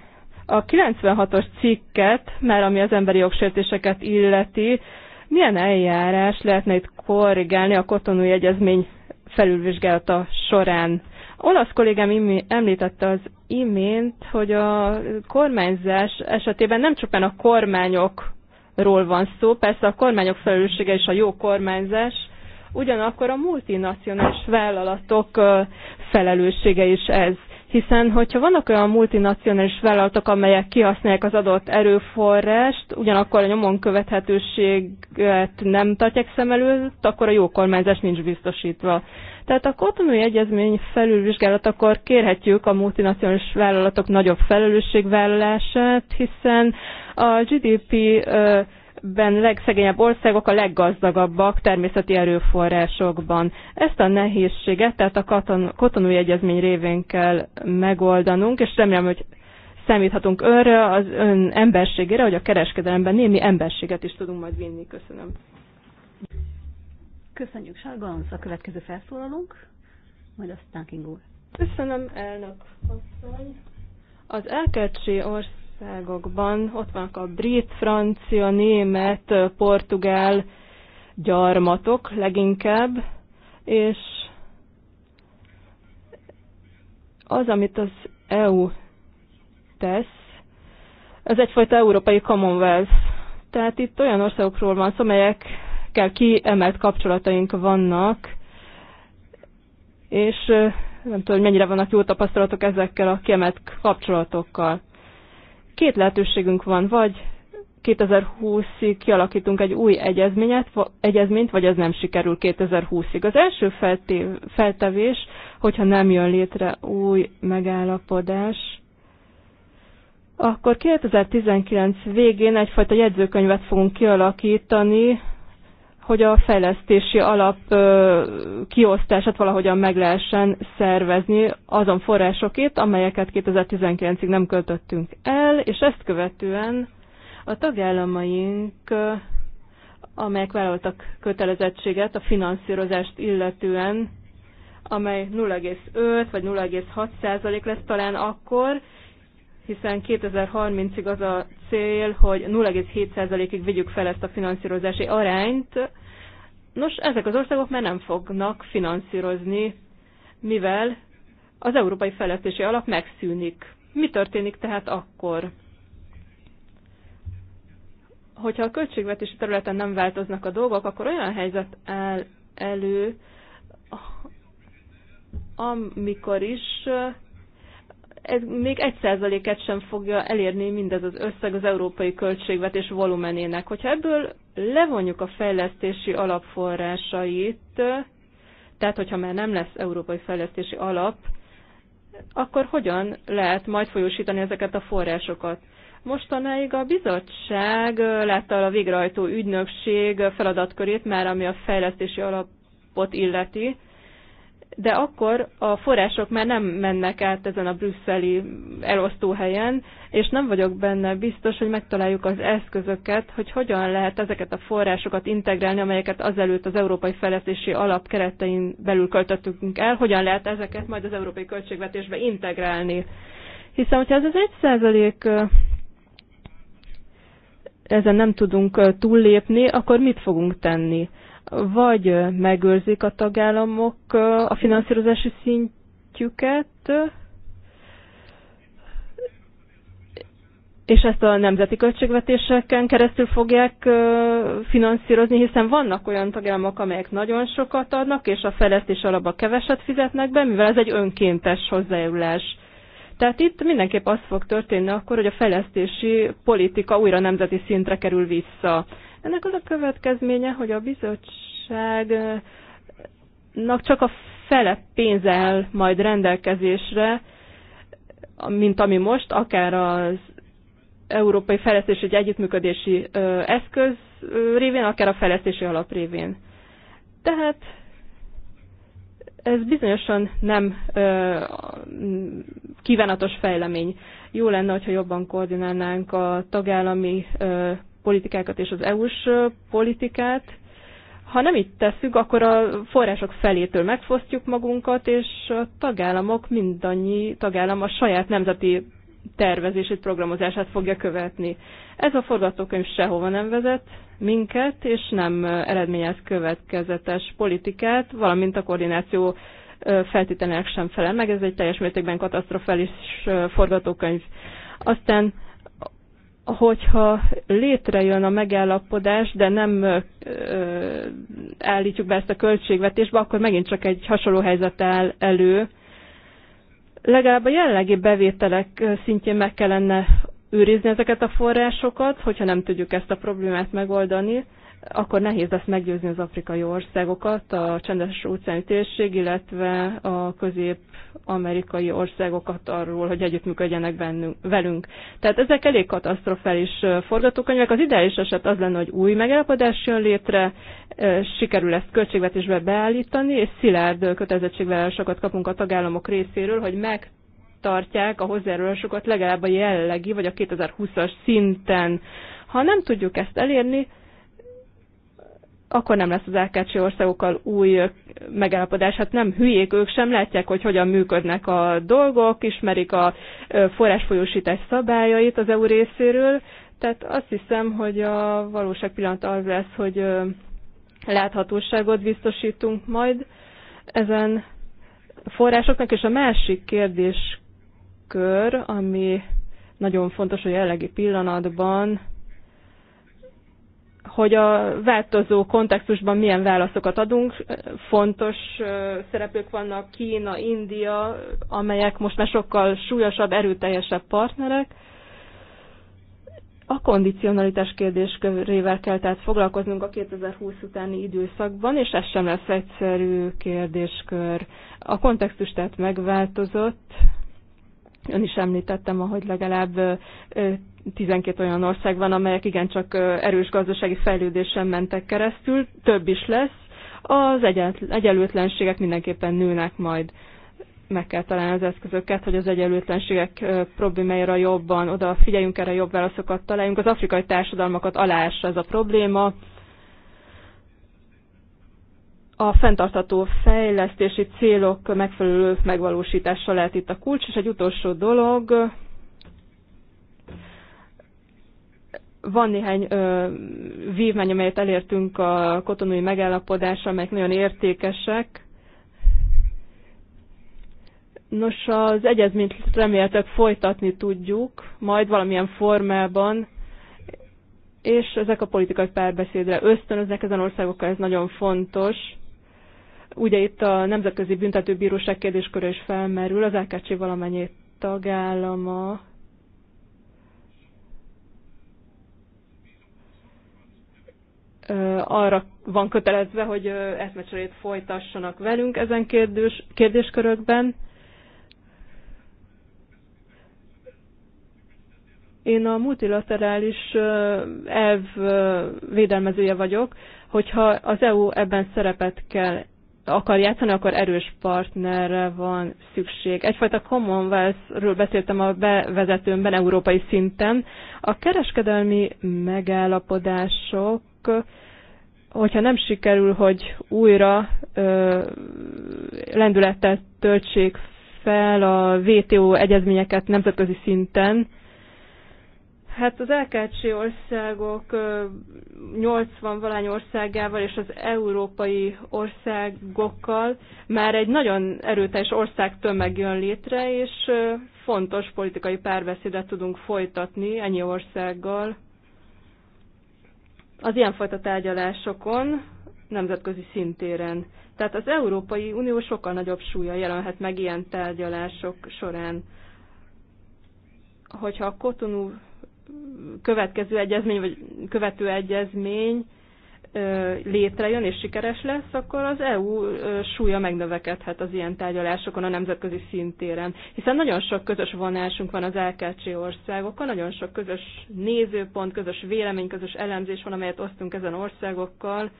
a 96-os cikket, mert ami az emberi jogsértéseket illeti, milyen eljárás lehetne itt korrigálni a kotonúi egyezmény felülvizsgálata során. Olasz kollégám említette az imént, hogy a kormányzás esetében nem csupán a kormányokról van szó, persze a kormányok felelőssége és a jó kormányzás, ugyanakkor a multinacionális vállalatok felelőssége is ez hiszen hogyha vannak olyan multinacionális vállalatok, amelyek kihasználják az adott erőforrást, ugyanakkor a nyomon követhetőséget nem tartják szem előtt, akkor a jó kormányzás nincs biztosítva. Tehát a kotonói egyezmény felülvizsgálatakor kérhetjük a multinacionális vállalatok nagyobb felelősségvállalását, hiszen a GDP ben legszegényebb országok a leggazdagabbak természeti erőforrásokban. Ezt a nehézséget, tehát a kotonúi egyezmény révén kell megoldanunk, és remélem, hogy számíthatunk önre, az ön emberségére, hogy a kereskedelemben némi emberséget is tudunk majd vinni. Köszönöm. Köszönjük, Sárga, A következő felszólalunk, majd aztán King Köszönöm, elnök asszony. Az elkercsi ország országokban. Ott vannak a brit, francia, német, portugál gyarmatok leginkább, és az, amit az EU tesz, ez egyfajta európai Commonwealth. Tehát itt olyan országokról van szó, amelyekkel kiemelt kapcsolataink vannak, és nem tudom, hogy mennyire vannak jó tapasztalatok ezekkel a kiemelt kapcsolatokkal. Két lehetőségünk van, vagy 2020-ig kialakítunk egy új egyezményt, egyezményt, vagy ez nem sikerül 2020-ig. Az első feltév, feltevés, hogyha nem jön létre új megállapodás, akkor 2019 végén egyfajta jegyzőkönyvet fogunk kialakítani hogy a fejlesztési alap kiosztását valahogyan meg lehessen szervezni azon forrásokét, amelyeket 2019-ig nem költöttünk el, és ezt követően a tagállamaink, amelyek vállaltak kötelezettséget a finanszírozást illetően, amely 0,5 vagy 0,6 százalék lesz talán akkor, hiszen 2030-ig az a cél, hogy 0,7%-ig vigyük fel ezt a finanszírozási arányt. Nos, ezek az országok már nem fognak finanszírozni, mivel az Európai Fejlesztési Alap megszűnik. Mi történik tehát akkor? Hogyha a költségvetési területen nem változnak a dolgok, akkor olyan helyzet áll elő, amikor is ez még egy százaléket sem fogja elérni mindez az összeg az európai költségvetés volumenének. Hogyha ebből levonjuk a fejlesztési alapforrásait, tehát hogyha már nem lesz európai fejlesztési alap, akkor hogyan lehet majd folyósítani ezeket a forrásokat? Mostanáig a bizottság látta a végrehajtó ügynökség feladatkörét, már ami a fejlesztési alapot illeti, de akkor a források már nem mennek át ezen a brüsszeli elosztóhelyen, és nem vagyok benne biztos, hogy megtaláljuk az eszközöket, hogy hogyan lehet ezeket a forrásokat integrálni, amelyeket azelőtt az Európai Fejlesztési Alap keretein belül költöttünk el, hogyan lehet ezeket majd az európai költségvetésbe integrálni. Hiszen, hogyha ez az 1 százalék ezen nem tudunk túllépni, akkor mit fogunk tenni? vagy megőrzik a tagállamok a finanszírozási szintjüket, és ezt a nemzeti költségvetéseken keresztül fogják finanszírozni, hiszen vannak olyan tagállamok, amelyek nagyon sokat adnak, és a fejlesztés alapba keveset fizetnek be, mivel ez egy önkéntes hozzájárulás. Tehát itt mindenképp az fog történni akkor, hogy a fejlesztési politika újra nemzeti szintre kerül vissza. Ennek az a következménye, hogy a bizottságnak csak a fele pénzzel majd rendelkezésre, mint ami most, akár az Európai Fejlesztési egy Együttműködési Eszköz révén, akár a fejlesztési alap révén. Tehát ez bizonyosan nem ö, kívánatos fejlemény. Jó lenne, hogyha jobban koordinálnánk a tagállami ö, politikákat és az EU-s politikát. Ha nem itt tesszük, akkor a források felétől megfosztjuk magunkat, és a tagállamok, mindannyi tagállam a saját nemzeti tervezését, programozását fogja követni. Ez a forgatókönyv sehova nem vezet minket, és nem eredményez következetes politikát, valamint a koordináció feltételek sem felel meg, ez egy teljes mértékben katasztrofális forgatókönyv. Aztán hogyha létrejön a megállapodás, de nem ö, állítjuk be ezt a költségvetésbe, akkor megint csak egy hasonló helyzet áll elő. Legalább a jelenlegi bevételek szintjén meg kellene őrizni ezeket a forrásokat, hogyha nem tudjuk ezt a problémát megoldani, akkor nehéz lesz meggyőzni az afrikai országokat, a csendes óceáni térség, illetve a közép-amerikai országokat arról, hogy együttműködjenek bennünk, velünk. Tehát ezek elég katasztrofális forgatókönyvek. Az ideális eset az lenne, hogy új megállapodás jön létre, sikerül ezt költségvetésbe beállítani, és szilárd kötelezettségvállalásokat kapunk a tagállamok részéről, hogy meg tartják a hozzájárulásokat legalább a jelenlegi vagy a 2020-as szinten. Ha nem tudjuk ezt elérni, akkor nem lesz az AKC országokkal új megállapodás. Hát nem hülyék, ők sem látják, hogy hogyan működnek a dolgok, ismerik a forrásfolyósítás szabályait az EU részéről. Tehát azt hiszem, hogy a valóság pillanat az lesz, hogy láthatóságot biztosítunk majd ezen forrásoknak. És a másik kérdéskör, ami nagyon fontos, hogy jelenlegi pillanatban hogy a változó kontextusban milyen válaszokat adunk. Fontos szereplők vannak Kína, India, amelyek most már sokkal súlyosabb, erőteljesebb partnerek. A kondicionalitás kérdéskörével kell tehát foglalkoznunk a 2020 utáni időszakban, és ez sem lesz egyszerű kérdéskör. A kontextus tehát megváltozott, Ön is említettem, ahogy legalább 12 olyan ország van, amelyek igencsak erős gazdasági fejlődésen mentek keresztül, több is lesz. Az egyenlőtlenségek mindenképpen nőnek majd meg kell találni az eszközöket, hogy az egyenlőtlenségek problémáira jobban odafigyeljünk, erre jobb válaszokat találjunk. Az afrikai társadalmakat aláássa ez a probléma, a fenntartható fejlesztési célok megfelelő megvalósítása lehet itt a kulcs, és egy utolsó dolog, van néhány ö, vívmány, amelyet elértünk a kotonói megállapodás, amelyek nagyon értékesek. Nos, az egyezményt reméltek folytatni tudjuk, majd valamilyen formában, és ezek a politikai párbeszédre ösztönöznek ezen országokkal, ez nagyon fontos. Ugye itt a Nemzetközi Büntetőbíróság kérdésköre is felmerül, az AKC valamennyi tagállama arra van kötelezve, hogy eszmecserét folytassanak velünk ezen kérdés, kérdéskörökben. Én a multilaterális elv védelmezője vagyok, hogyha az EU ebben szerepet kell akar játszani, akkor erős partnerre van szükség. Egyfajta Commonwealth-ről beszéltem a bevezetőmben európai szinten. A kereskedelmi megállapodások, hogyha nem sikerül, hogy újra ö, lendülettel töltsék fel a WTO egyezményeket nemzetközi szinten, Hát az LKC országok 80 valány országával és az európai országokkal már egy nagyon erőteljes ország tömeg jön létre, és fontos politikai párbeszédet tudunk folytatni ennyi országgal. Az ilyenfajta tárgyalásokon nemzetközi szintéren. Tehát az Európai Unió sokkal nagyobb súlya jelenhet meg ilyen tárgyalások során. Hogyha a Kotonú következő egyezmény, vagy követő egyezmény létrejön és sikeres lesz, akkor az EU súlya megnövekedhet az ilyen tárgyalásokon a nemzetközi szintéren. Hiszen nagyon sok közös vonásunk van az LKC országokkal, nagyon sok közös nézőpont, közös vélemény, közös elemzés van, amelyet osztunk ezen országokkal.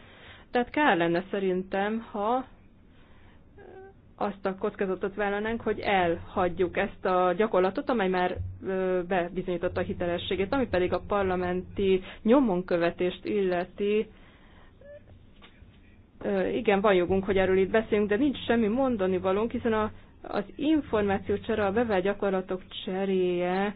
Tehát kár lenne szerintem, ha azt a kockázatot vállalnánk, hogy elhagyjuk ezt a gyakorlatot, amely már bebizonyította a hitelességét, ami pedig a parlamenti nyomonkövetést illeti. Igen, van jogunk, hogy erről itt beszélünk, de nincs semmi mondani valónk, hiszen a, az információcsere, a bevel gyakorlatok cseréje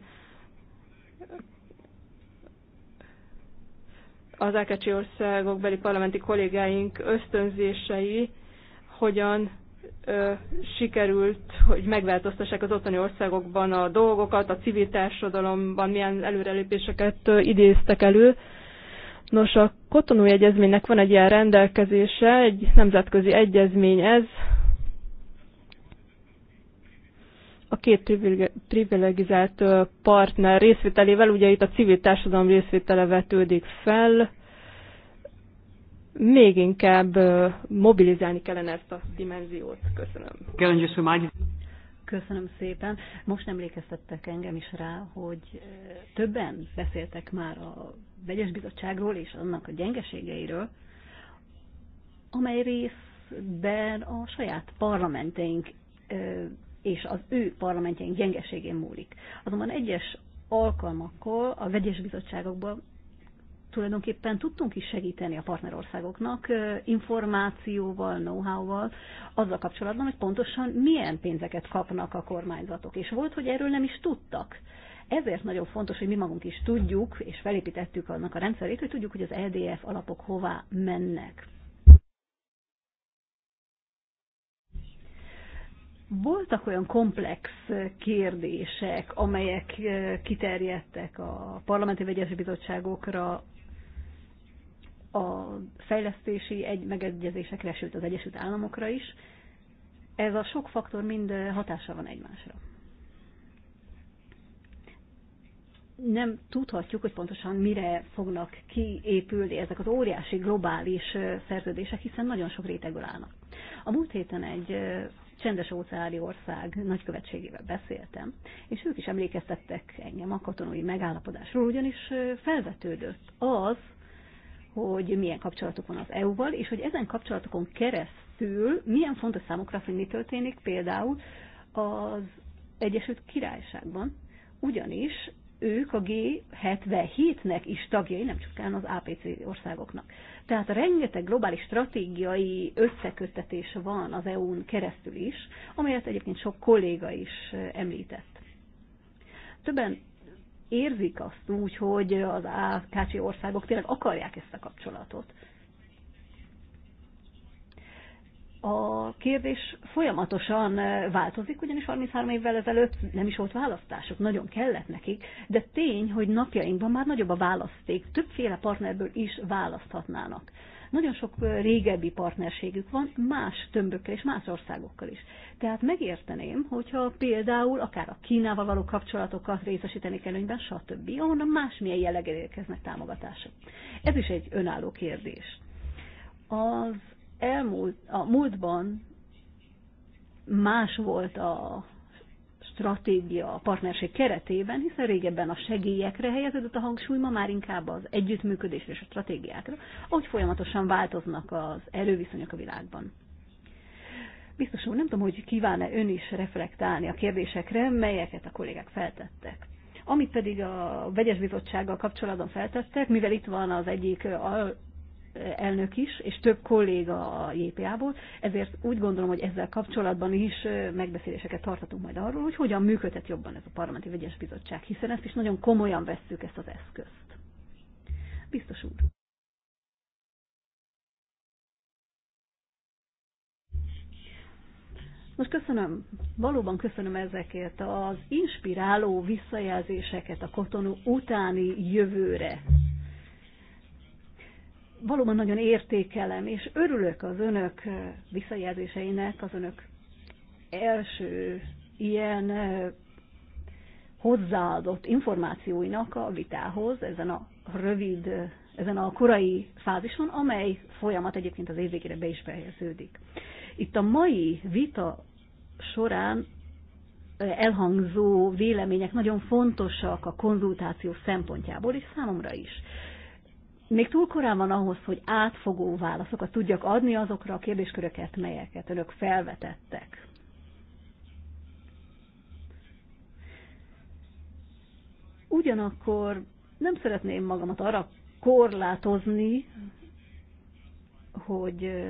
az Ákecsi országok beli parlamenti kollégáink ösztönzései hogyan sikerült, hogy megváltoztassák az ottani országokban a dolgokat, a civil társadalomban milyen előrelépéseket idéztek elő. Nos, a Kotonú egyezménynek van egy ilyen rendelkezése, egy nemzetközi egyezmény ez. A két privilegizált partner részvételével, ugye itt a civil társadalom részvétele vetődik fel, még inkább mobilizálni kellene ezt a dimenziót. Köszönöm. Köszönöm szépen. Most emlékeztettek engem is rá, hogy többen beszéltek már a vegyes bizottságról és annak a gyengeségeiről, amely részben a saját parlamenteink és az ő parlamentjeink gyengeségén múlik. Azonban egyes alkalmakkor a vegyes bizottságokban tulajdonképpen tudtunk is segíteni a partnerországoknak információval, know-how-val, azzal kapcsolatban, hogy pontosan milyen pénzeket kapnak a kormányzatok. És volt, hogy erről nem is tudtak. Ezért nagyon fontos, hogy mi magunk is tudjuk, és felépítettük annak a rendszerét, hogy tudjuk, hogy az EDF alapok hová mennek. voltak olyan komplex kérdések, amelyek kiterjedtek a parlamenti vegyes bizottságokra, a fejlesztési egy megegyezésekre, sőt az Egyesült Államokra is. Ez a sok faktor mind hatása van egymásra. Nem tudhatjuk, hogy pontosan mire fognak kiépülni ezek az óriási globális szerződések, hiszen nagyon sok rétegből állnak. A múlt héten egy csendes óceáni ország nagykövetségével beszéltem, és ők is emlékeztettek engem a katonai megállapodásról, ugyanis felvetődött az, hogy milyen kapcsolatuk van az EU-val, és hogy ezen kapcsolatokon keresztül milyen fontos számukra, hogy mi történik például az Egyesült Királyságban, ugyanis ők a G77-nek is tagjai, nem csupán az APC országoknak. Tehát rengeteg globális stratégiai összeköttetés van az EU-n keresztül is, amelyet egyébként sok kolléga is eh, említett. Többen érzik azt úgy, hogy az AKC országok tényleg akarják ezt a kapcsolatot. A kérdés folyamatosan eh, változik, ugyanis 33 évvel ezelőtt nem is volt választások, nagyon kellett nekik, de tény, hogy napjainkban már nagyobb a választék, többféle partnerből is választhatnának. Nagyon sok régebbi partnerségük van más tömbökkel és más országokkal is. Tehát megérteném, hogyha például akár a Kínával való kapcsolatokat részesítenék előnyben, stb., ahonnan másmilyen jelleggel érkeznek támogatások. Ez is egy önálló kérdés. Az elmúlt, a múltban más volt a stratégia, a partnerség keretében, hiszen régebben a segélyekre helyeződött a hangsúly, ma már inkább az együttműködésre és a stratégiákra, ahogy folyamatosan változnak az erőviszonyok a világban. Biztos úr, nem tudom, hogy kíván-e ön is reflektálni a kérdésekre, melyeket a kollégák feltettek. Amit pedig a vegyes bizottsággal kapcsolatban feltettek, mivel itt van az egyik elnök is, és több kolléga a JPA-ból, ezért úgy gondolom, hogy ezzel kapcsolatban is megbeszéléseket tartatunk majd arról, hogy hogyan működhet jobban ez a Parlamenti Vegyes Bizottság, hiszen ezt is nagyon komolyan vesszük ezt az eszközt. Biztos úr. Most köszönöm, valóban köszönöm ezekért az inspiráló visszajelzéseket a kotonu utáni jövőre valóban nagyon értékelem, és örülök az önök visszajelzéseinek, az önök első ilyen hozzáadott információinak a vitához ezen a rövid, ezen a korai fázison, amely folyamat egyébként az évvégére be is fejeződik. Itt a mai vita során elhangzó vélemények nagyon fontosak a konzultáció szempontjából, és számomra is még túl korán van ahhoz, hogy átfogó válaszokat tudjak adni azokra a kérdésköröket, melyeket önök felvetettek. Ugyanakkor nem szeretném magamat arra korlátozni, hogy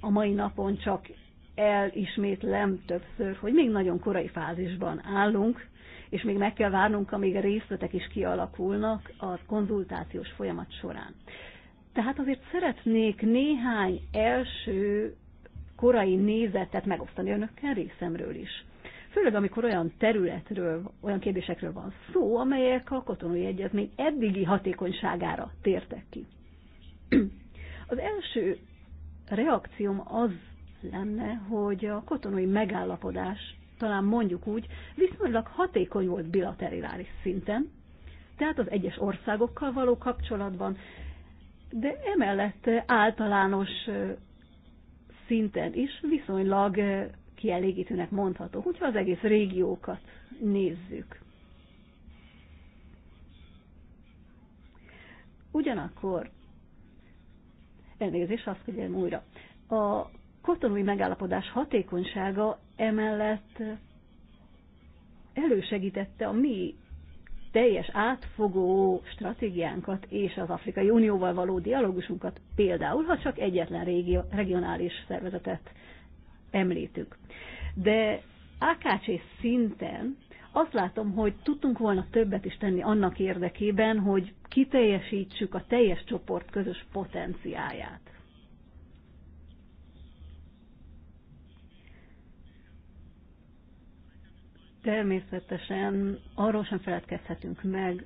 a mai napon csak elismétlem többször, hogy még nagyon korai fázisban állunk, és még meg kell várnunk, amíg a részletek is kialakulnak a konzultációs folyamat során. Tehát azért szeretnék néhány első korai nézetet megosztani önökkel részemről is. Főleg amikor olyan területről, olyan kérdésekről van szó, amelyek a katonai egyezmény eddigi hatékonyságára tértek ki. *clears throat* Az első reakcióm az lenne, hogy a katonai megállapodás talán mondjuk úgy, viszonylag hatékony volt bilaterális szinten, tehát az egyes országokkal való kapcsolatban, de emellett általános szinten is viszonylag kielégítőnek mondható, hogyha az egész régiókat nézzük. Ugyanakkor, elnézést, azt figyelem újra, a kotonúi megállapodás hatékonysága Emellett elősegítette a mi teljes átfogó stratégiánkat és az Afrikai Unióval való dialógusunkat, például, ha csak egyetlen régió, regionális szervezetet említünk. De AKC szinten azt látom, hogy tudtunk volna többet is tenni annak érdekében, hogy kiteljesítsük a teljes csoport közös potenciáját. Természetesen arról sem feledkezhetünk meg,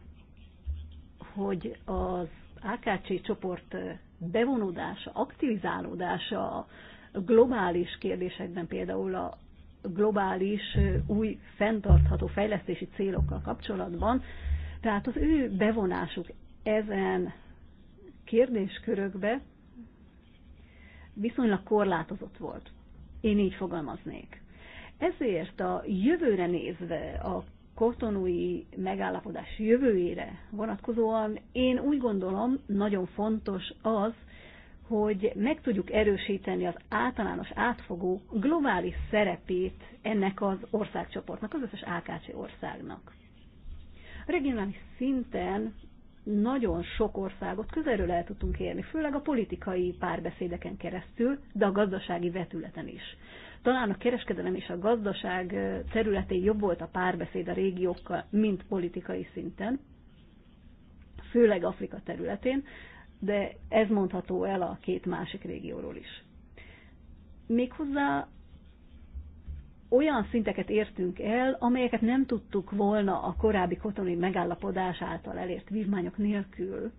hogy az AKC csoport bevonódása, aktivizálódása a globális kérdésekben, például a globális új fenntartható fejlesztési célokkal kapcsolatban, tehát az ő bevonásuk ezen kérdéskörökbe viszonylag korlátozott volt. Én így fogalmaznék. Ezért a jövőre nézve, a kotonui megállapodás jövőjére vonatkozóan én úgy gondolom, nagyon fontos az, hogy meg tudjuk erősíteni az általános átfogó globális szerepét ennek az országcsoportnak, az összes AKC országnak. A regionális szinten nagyon sok országot közelről el tudtunk érni, főleg a politikai párbeszédeken keresztül, de a gazdasági vetületen is. Talán a kereskedelem és a gazdaság területén jobb volt a párbeszéd a régiókkal, mint politikai szinten, főleg Afrika területén, de ez mondható el a két másik régióról is. Méghozzá olyan szinteket értünk el, amelyeket nem tudtuk volna a korábbi kotoni megállapodás által elért vívmányok nélkül,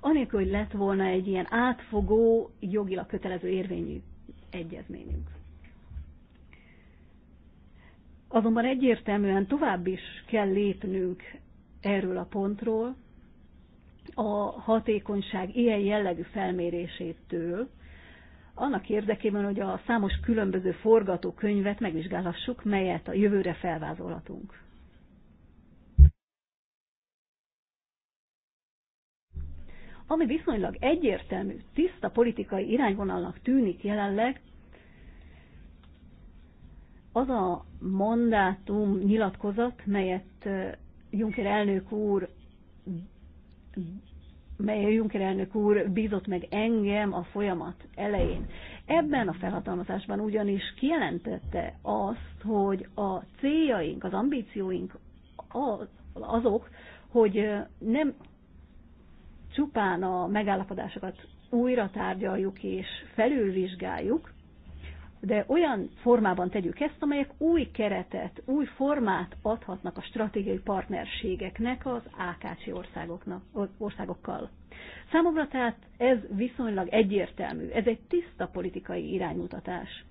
anélkül, hogy lett volna egy ilyen átfogó, jogilag kötelező érvényű egyezményünk. Azonban egyértelműen tovább is kell lépnünk erről a pontról, a hatékonyság ilyen jellegű felmérésétől, annak érdekében, hogy a számos különböző forgatókönyvet megvizsgálhassuk, melyet a jövőre felvázolhatunk. Ami viszonylag egyértelmű, tiszta politikai irányvonalnak tűnik jelenleg, az a mandátum nyilatkozat, melyet Juncker elnök úr mely Juncker elnök úr bízott meg engem a folyamat elején. Ebben a felhatalmazásban ugyanis kijelentette azt, hogy a céljaink, az ambícióink azok, hogy nem csupán a megállapodásokat újra tárgyaljuk és felülvizsgáljuk, de olyan formában tegyük ezt, amelyek új keretet, új formát adhatnak a stratégiai partnerségeknek az ákácsi országoknak, országokkal. Számomra tehát ez viszonylag egyértelmű, ez egy tiszta politikai iránymutatás.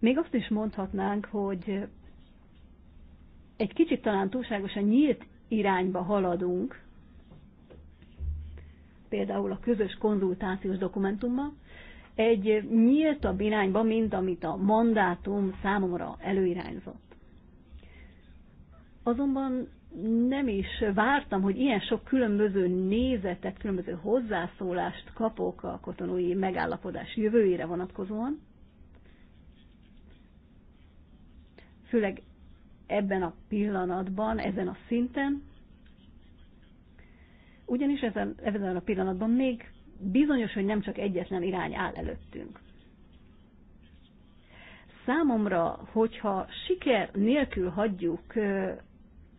Még azt is mondhatnánk, hogy egy kicsit talán túlságosan nyílt irányba haladunk, például a közös konzultációs dokumentummal egy nyíltabb irányba, mint amit a mandátum számomra előirányzott. Azonban nem is vártam, hogy ilyen sok különböző nézetet, különböző hozzászólást kapok a kotonói megállapodás jövőjére vonatkozóan. Főleg ebben a pillanatban, ezen a szinten, ugyanis ezen, ezen a pillanatban még bizonyos, hogy nem csak egyetlen irány áll előttünk. Számomra, hogyha siker nélkül hagyjuk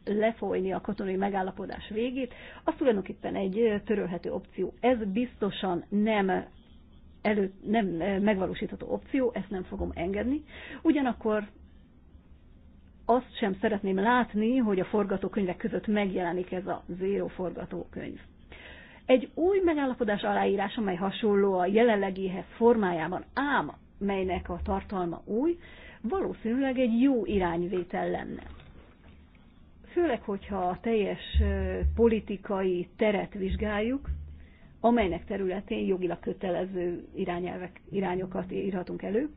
lefolyni a katonai megállapodás végét, az tulajdonképpen egy törölhető opció. Ez biztosan nem elő, nem megvalósítható opció, ezt nem fogom engedni. Ugyanakkor azt sem szeretném látni, hogy a forgatókönyvek között megjelenik ez a zéró forgatókönyv egy új megállapodás aláírás, amely hasonló a jelenlegihez formájában, ám melynek a tartalma új, valószínűleg egy jó irányvétel lenne. Főleg, hogyha a teljes politikai teret vizsgáljuk, amelynek területén jogilag kötelező irányelvek, irányokat írhatunk elő,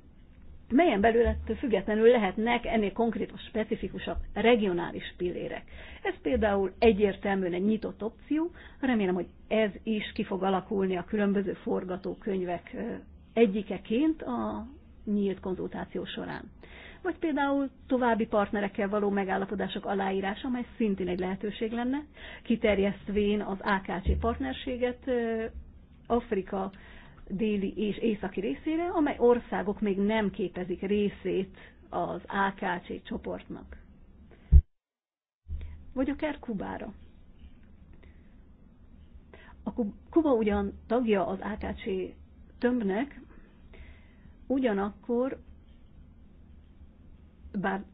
melyen belül ettől függetlenül lehetnek ennél konkrétabb, specifikusabb regionális pillérek. Ez például egyértelműen egy nyitott opció, remélem, hogy ez is ki fog alakulni a különböző forgatókönyvek egyikeként a nyílt konzultáció során. Vagy például további partnerekkel való megállapodások aláírása, amely szintén egy lehetőség lenne, kiterjesztvén az AKC partnerséget Afrika déli és északi részére, amely országok még nem képezik részét az AKC csoportnak. Vagy akár Kubára. A Kuba ugyan tagja az AKC tömbnek, ugyanakkor, bár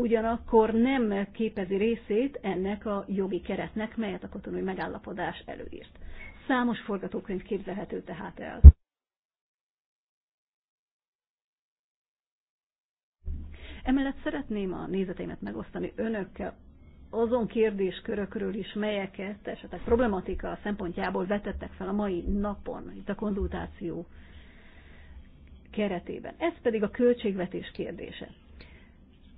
ugyanakkor nem képezi részét ennek a jogi keretnek, melyet a katonai megállapodás előírt. Számos forgatókönyv képzelhető tehát el. Emellett szeretném a nézeteimet megosztani önökkel azon kérdéskörökről is, melyeket esetleg problematika szempontjából vetettek fel a mai napon, itt a konzultáció keretében. Ez pedig a költségvetés kérdése.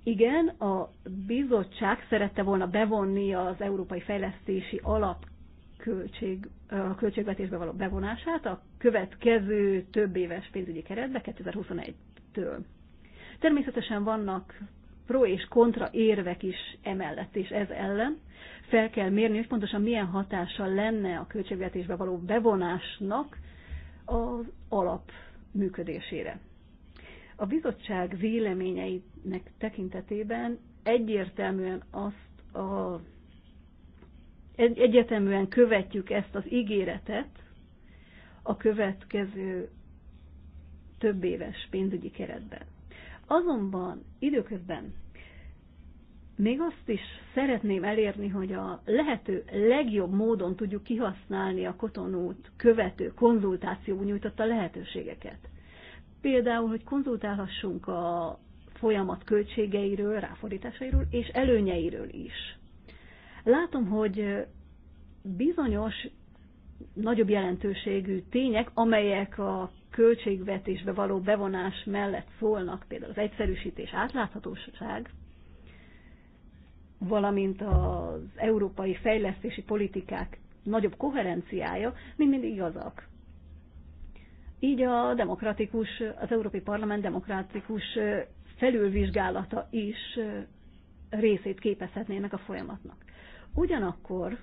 Igen, a bizottság szerette volna bevonni az Európai Fejlesztési Alap költség, a költségvetésbe való bevonását a következő több éves pénzügyi keretbe 2021-től. Természetesen vannak pro és kontra érvek is emellett és ez ellen. Fel kell mérni, hogy pontosan milyen hatása lenne a költségvetésbe való bevonásnak az alap működésére. A bizottság véleményeinek tekintetében egyértelműen azt a egy, egyértelműen követjük ezt az ígéretet a következő több éves pénzügyi keretben. Azonban időközben még azt is szeretném elérni, hogy a lehető legjobb módon tudjuk kihasználni a kotonút követő konzultáció nyújtotta lehetőségeket. Például, hogy konzultálhassunk a folyamat költségeiről, ráfordításairól és előnyeiről is. Látom, hogy bizonyos nagyobb jelentőségű tények, amelyek a költségvetésbe való bevonás mellett szólnak, például az egyszerűsítés, átláthatóság, valamint az európai fejlesztési politikák nagyobb koherenciája, mind mindig igazak. Így a demokratikus, az Európai Parlament demokratikus felülvizsgálata is részét képezhetnének a folyamatnak. Ugyanakkor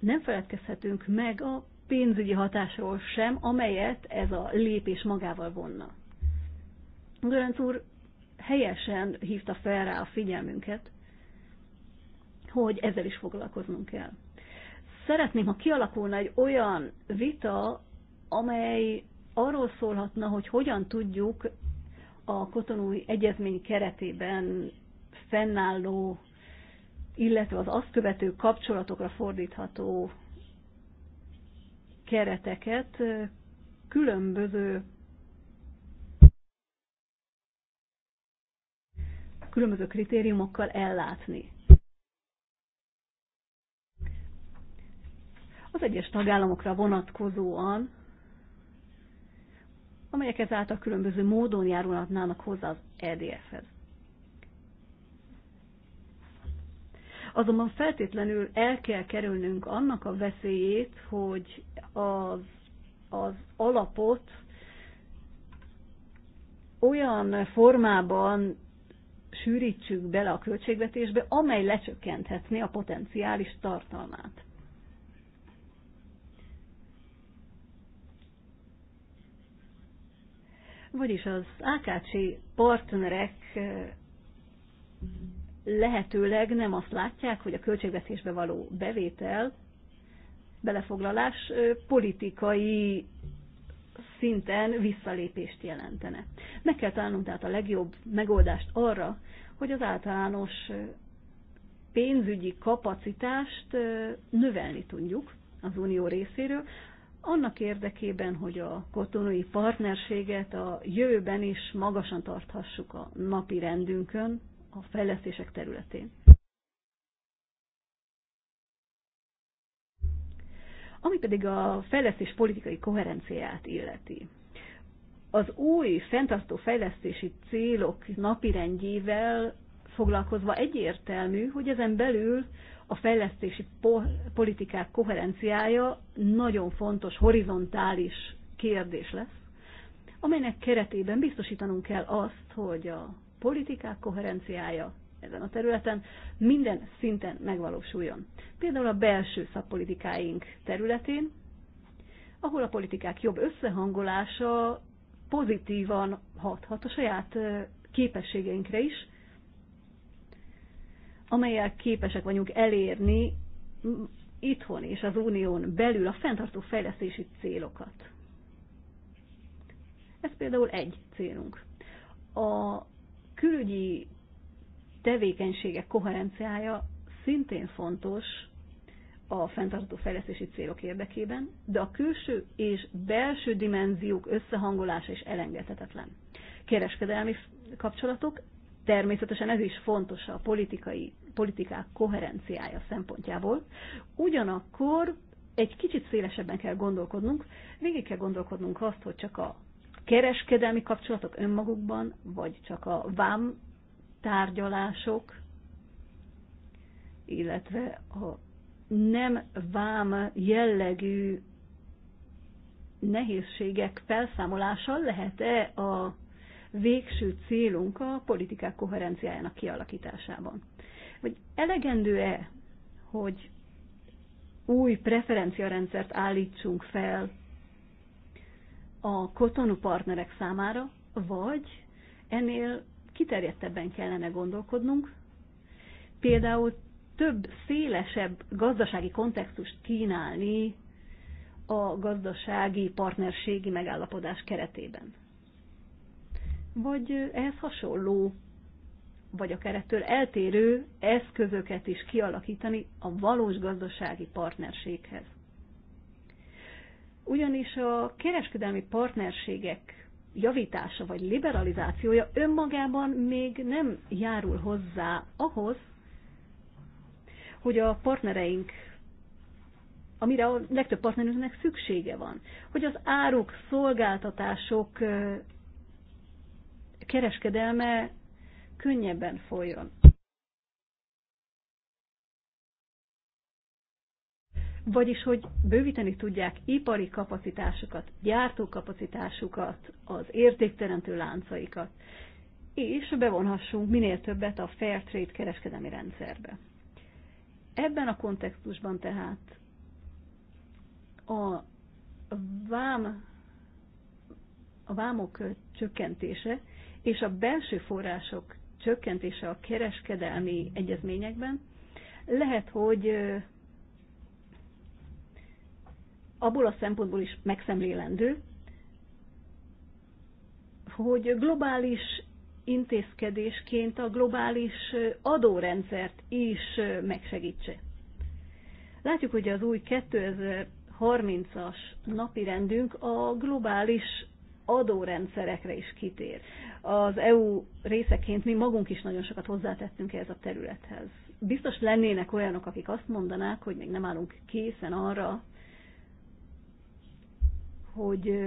nem feledkezhetünk meg a pénzügyi hatásról sem, amelyet ez a lépés magával vonna. Görönc úr helyesen hívta fel rá a figyelmünket, hogy ezzel is foglalkoznunk kell. Szeretném, ha kialakulna egy olyan vita, amely arról szólhatna, hogy hogyan tudjuk a kotonói egyezmény keretében fennálló, illetve az azt követő kapcsolatokra fordítható kereteket különböző különböző kritériumokkal ellátni. Az egyes tagállamokra vonatkozóan amelyek ezáltal különböző módon járulhatnának hozzá az EDF-hez. Azonban feltétlenül el kell kerülnünk annak a veszélyét, hogy az, az alapot olyan formában sűrítsük bele a költségvetésbe, amely lecsökkenthetné a potenciális tartalmát. vagyis az ákácsi partnerek lehetőleg nem azt látják, hogy a költségvetésbe való bevétel, belefoglalás politikai szinten visszalépést jelentene. Meg kell találnunk tehát a legjobb megoldást arra, hogy az általános pénzügyi kapacitást növelni tudjuk az unió részéről, annak érdekében, hogy a kotonói partnerséget a jövőben is magasan tarthassuk a napi rendünkön, a fejlesztések területén. Ami pedig a fejlesztés politikai koherenciát illeti. Az új fenntartó fejlesztési célok napirendjével foglalkozva egyértelmű, hogy ezen belül a fejlesztési politikák koherenciája nagyon fontos horizontális kérdés lesz, amelynek keretében biztosítanunk kell azt, hogy a politikák koherenciája ezen a területen minden szinten megvalósuljon. Például a belső szakpolitikáink területén, ahol a politikák jobb összehangolása pozitívan hathat a saját képességeinkre is, amelyel képesek vagyunk elérni itthon és az unión belül a fenntartó fejlesztési célokat. Ez például egy célunk. A külügyi tevékenységek koherenciája szintén fontos a fenntartó fejlesztési célok érdekében, de a külső és belső dimenziók összehangolása is elengedhetetlen. Kereskedelmi kapcsolatok, természetesen ez is fontos a politikai politikák koherenciája szempontjából. Ugyanakkor egy kicsit szélesebben kell gondolkodnunk, végig kell gondolkodnunk azt, hogy csak a kereskedelmi kapcsolatok önmagukban, vagy csak a vám tárgyalások, illetve a nem vám jellegű nehézségek felszámolása lehet-e a végső célunk a politikák koherenciájának kialakításában hogy elegendő-e, hogy új preferenciarendszert állítsunk fel a kotonú partnerek számára, vagy ennél kiterjedtebben kellene gondolkodnunk, például több szélesebb gazdasági kontextust kínálni a gazdasági partnerségi megállapodás keretében. Vagy ehhez hasonló vagy akár ettől eltérő eszközöket is kialakítani a valós gazdasági partnerséghez. Ugyanis a kereskedelmi partnerségek javítása vagy liberalizációja önmagában még nem járul hozzá ahhoz, hogy a partnereink, amire a legtöbb partnerünknek szüksége van, hogy az áruk, szolgáltatások kereskedelme könnyebben folyjon. Vagyis, hogy bővíteni tudják ipari kapacitásukat, gyártókapacitásukat, az értékteremtő láncaikat, és bevonhassunk minél többet a fair trade kereskedelmi rendszerbe. Ebben a kontextusban tehát a vám a vámok csökkentése és a belső források csökkentése a kereskedelmi egyezményekben, lehet, hogy abból a szempontból is megszemlélendő, hogy globális intézkedésként a globális adórendszert is megsegítse. Látjuk, hogy az új 2030-as napirendünk a globális adórendszerekre is kitér. Az EU részeként mi magunk is nagyon sokat hozzátettünk ehhez a területhez. Biztos lennének olyanok, akik azt mondanák, hogy még nem állunk készen arra, hogy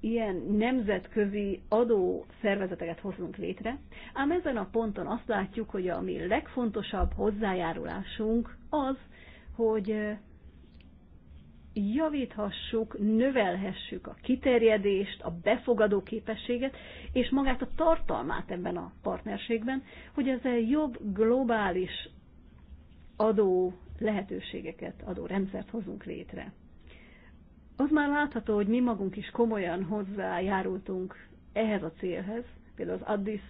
ilyen nemzetközi adó szervezeteket hozunk létre, ám ezen a ponton azt látjuk, hogy a mi legfontosabb hozzájárulásunk az, hogy javíthassuk, növelhessük a kiterjedést, a befogadó képességet, és magát a tartalmát ebben a partnerségben, hogy ezzel jobb globális adó lehetőségeket, adó rendszert hozunk létre. Az már látható, hogy mi magunk is komolyan hozzájárultunk ehhez a célhez, például az Addis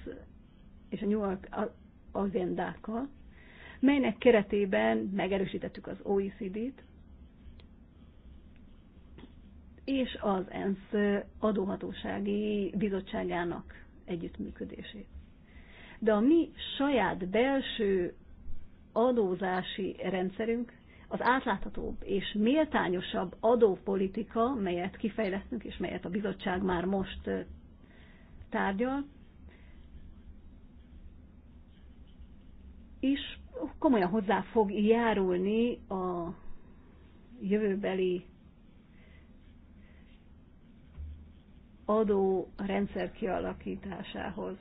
és a New York agendákkal, melynek keretében megerősítettük az OECD-t, és az ENSZ adóhatósági bizottságának együttműködését. De a mi saját belső adózási rendszerünk az átláthatóbb és méltányosabb adópolitika, melyet kifejlesztünk, és melyet a bizottság már most tárgyal, és komolyan hozzá fog járulni a jövőbeli adó rendszer kialakításához?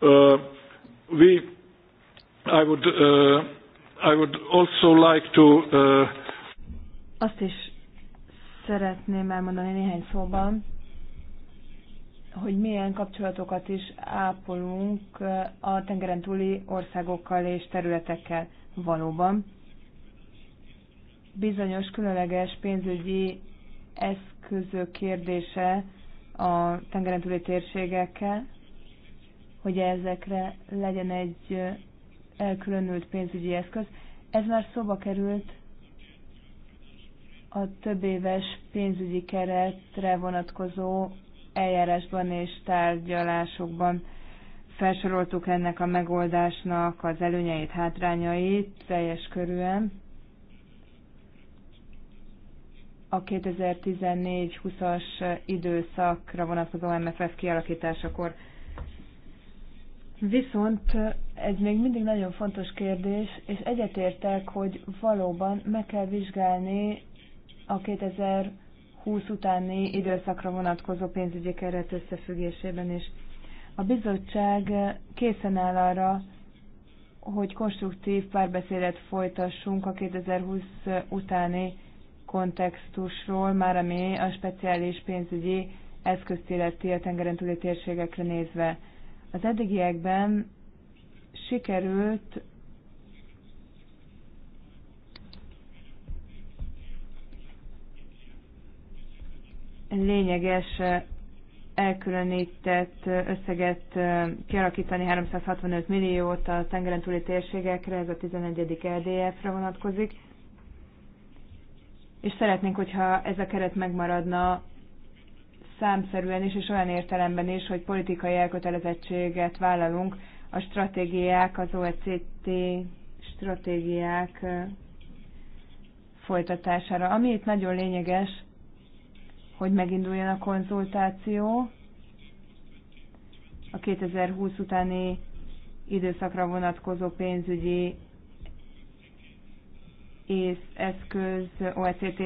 Uh, we, I would, uh, I would also like to, uh... Azt is szeretném elmondani néhány szóban, hogy milyen kapcsolatokat is ápolunk uh, a tengeren túli országokkal és területekkel valóban. Bizonyos különleges pénzügyi eszközök kérdése a tengeren túli térségekkel, hogy ezekre legyen egy elkülönült pénzügyi eszköz. Ez már szóba került a több éves pénzügyi keretre vonatkozó eljárásban és tárgyalásokban felsoroltuk ennek a megoldásnak az előnyeit, hátrányait teljes körűen a 2014-20-as időszakra vonatkozó MFF kialakításakor. Viszont ez még mindig nagyon fontos kérdés, és egyetértek, hogy valóban meg kell vizsgálni a 2020 utáni időszakra vonatkozó pénzügyi keret összefüggésében is. A bizottság készen áll arra, hogy konstruktív párbeszédet folytassunk a 2020 utáni kontextusról, már ami a speciális pénzügyi eszközt illeti a tengeren túli térségekre nézve. Az eddigiekben sikerült lényeges eh, elkülönített eh, összeget eh, kialakítani 365 milliót a tengeren túli térségekre, ez a 11. LDF-re e vonatkozik és szeretnénk, hogyha ez a keret megmaradna számszerűen is, és olyan értelemben is, hogy politikai elkötelezettséget vállalunk a stratégiák, az OECD stratégiák folytatására. Ami itt nagyon lényeges, hogy meginduljon a konzultáció a 2020 utáni időszakra vonatkozó pénzügyi és eszköz, OECT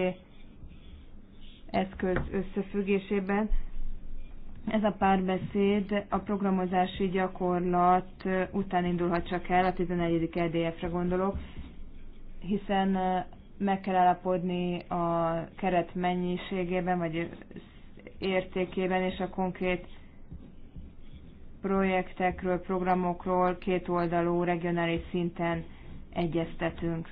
eszköz összefüggésében. Ez a párbeszéd a programozási gyakorlat után indulhat csak el, a 11. EDF-re gondolok, hiszen meg kell állapodni a keret mennyiségében, vagy értékében, és a konkrét projektekről, programokról kétoldalú regionális szinten egyeztetünk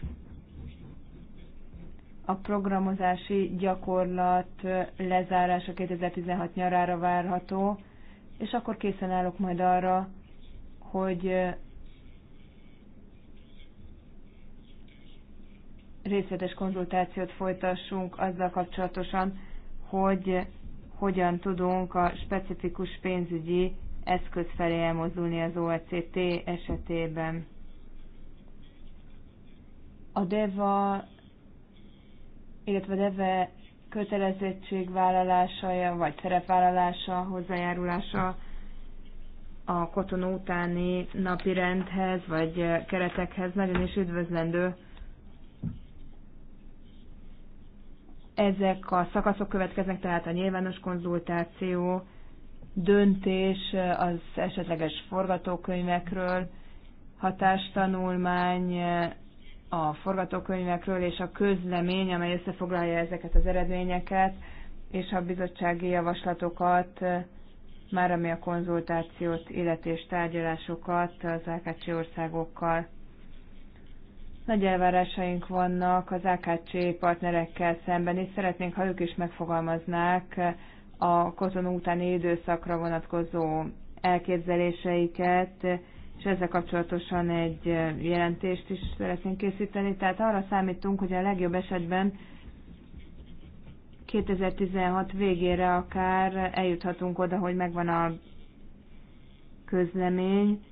a programozási gyakorlat lezárása 2016 nyarára várható, és akkor készen állok majd arra, hogy részletes konzultációt folytassunk azzal kapcsolatosan, hogy hogyan tudunk a specifikus pénzügyi eszköz felé elmozdulni az OECT esetében. A DEVA illetve deve kötelezettségvállalása, vagy szerepvállalása, hozzájárulása a kotonó utáni napi rendhez, vagy keretekhez nagyon is üdvözlendő. Ezek a szakaszok következnek, tehát a nyilvános konzultáció, döntés az esetleges forgatókönyvekről, hatástanulmány, a forgatókönyvekről és a közlemény, amely összefoglalja ezeket az eredményeket, és a bizottsági javaslatokat, már ami a konzultációt, illetés tárgyalásokat az AKC országokkal. Nagy elvárásaink vannak az AKC partnerekkel szemben, és szeretnénk, ha ők is megfogalmaznák a kozon utáni időszakra vonatkozó elképzeléseiket, és ezzel kapcsolatosan egy eh, jelentést is szeretnénk készíteni. Tehát arra számítunk, hogy a legjobb esetben 2016 végére akár eljuthatunk oda, hogy megvan a közlemény,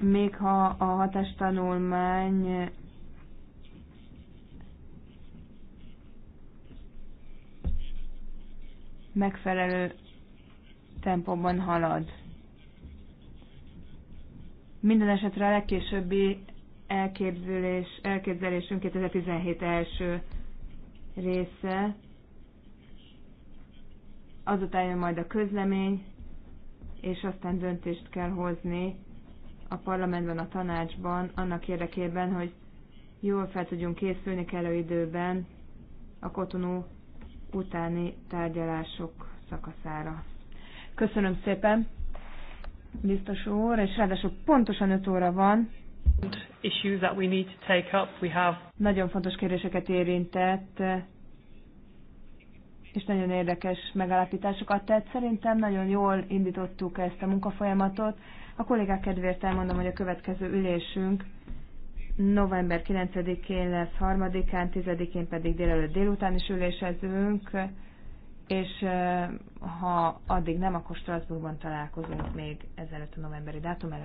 még ha a hatástanulmány megfelelő tempóban halad. Minden esetre a legkésőbbi elképzelés, elképzelésünk 2017 első része, azután jön majd a közlemény, és aztán döntést kell hozni a parlamentben, a tanácsban, annak érdekében, hogy jól fel tudjunk készülni kellő időben a kotonú utáni tárgyalások szakaszára. Köszönöm szépen! biztos úr, és ráadásul pontosan 5 óra van. that we need to take up. We have... Nagyon fontos kérdéseket érintett, és nagyon érdekes megállapításokat tett. Szerintem nagyon jól indítottuk ezt a munkafolyamatot. A kollégák kedvéért elmondom, hogy a következő ülésünk november 9-én lesz, 3-án, 10-én pedig délelőtt délután is ülésezünk és ha addig nem, akkor Strasbourgban találkozunk még ezelőtt a novemberi dátum előtt.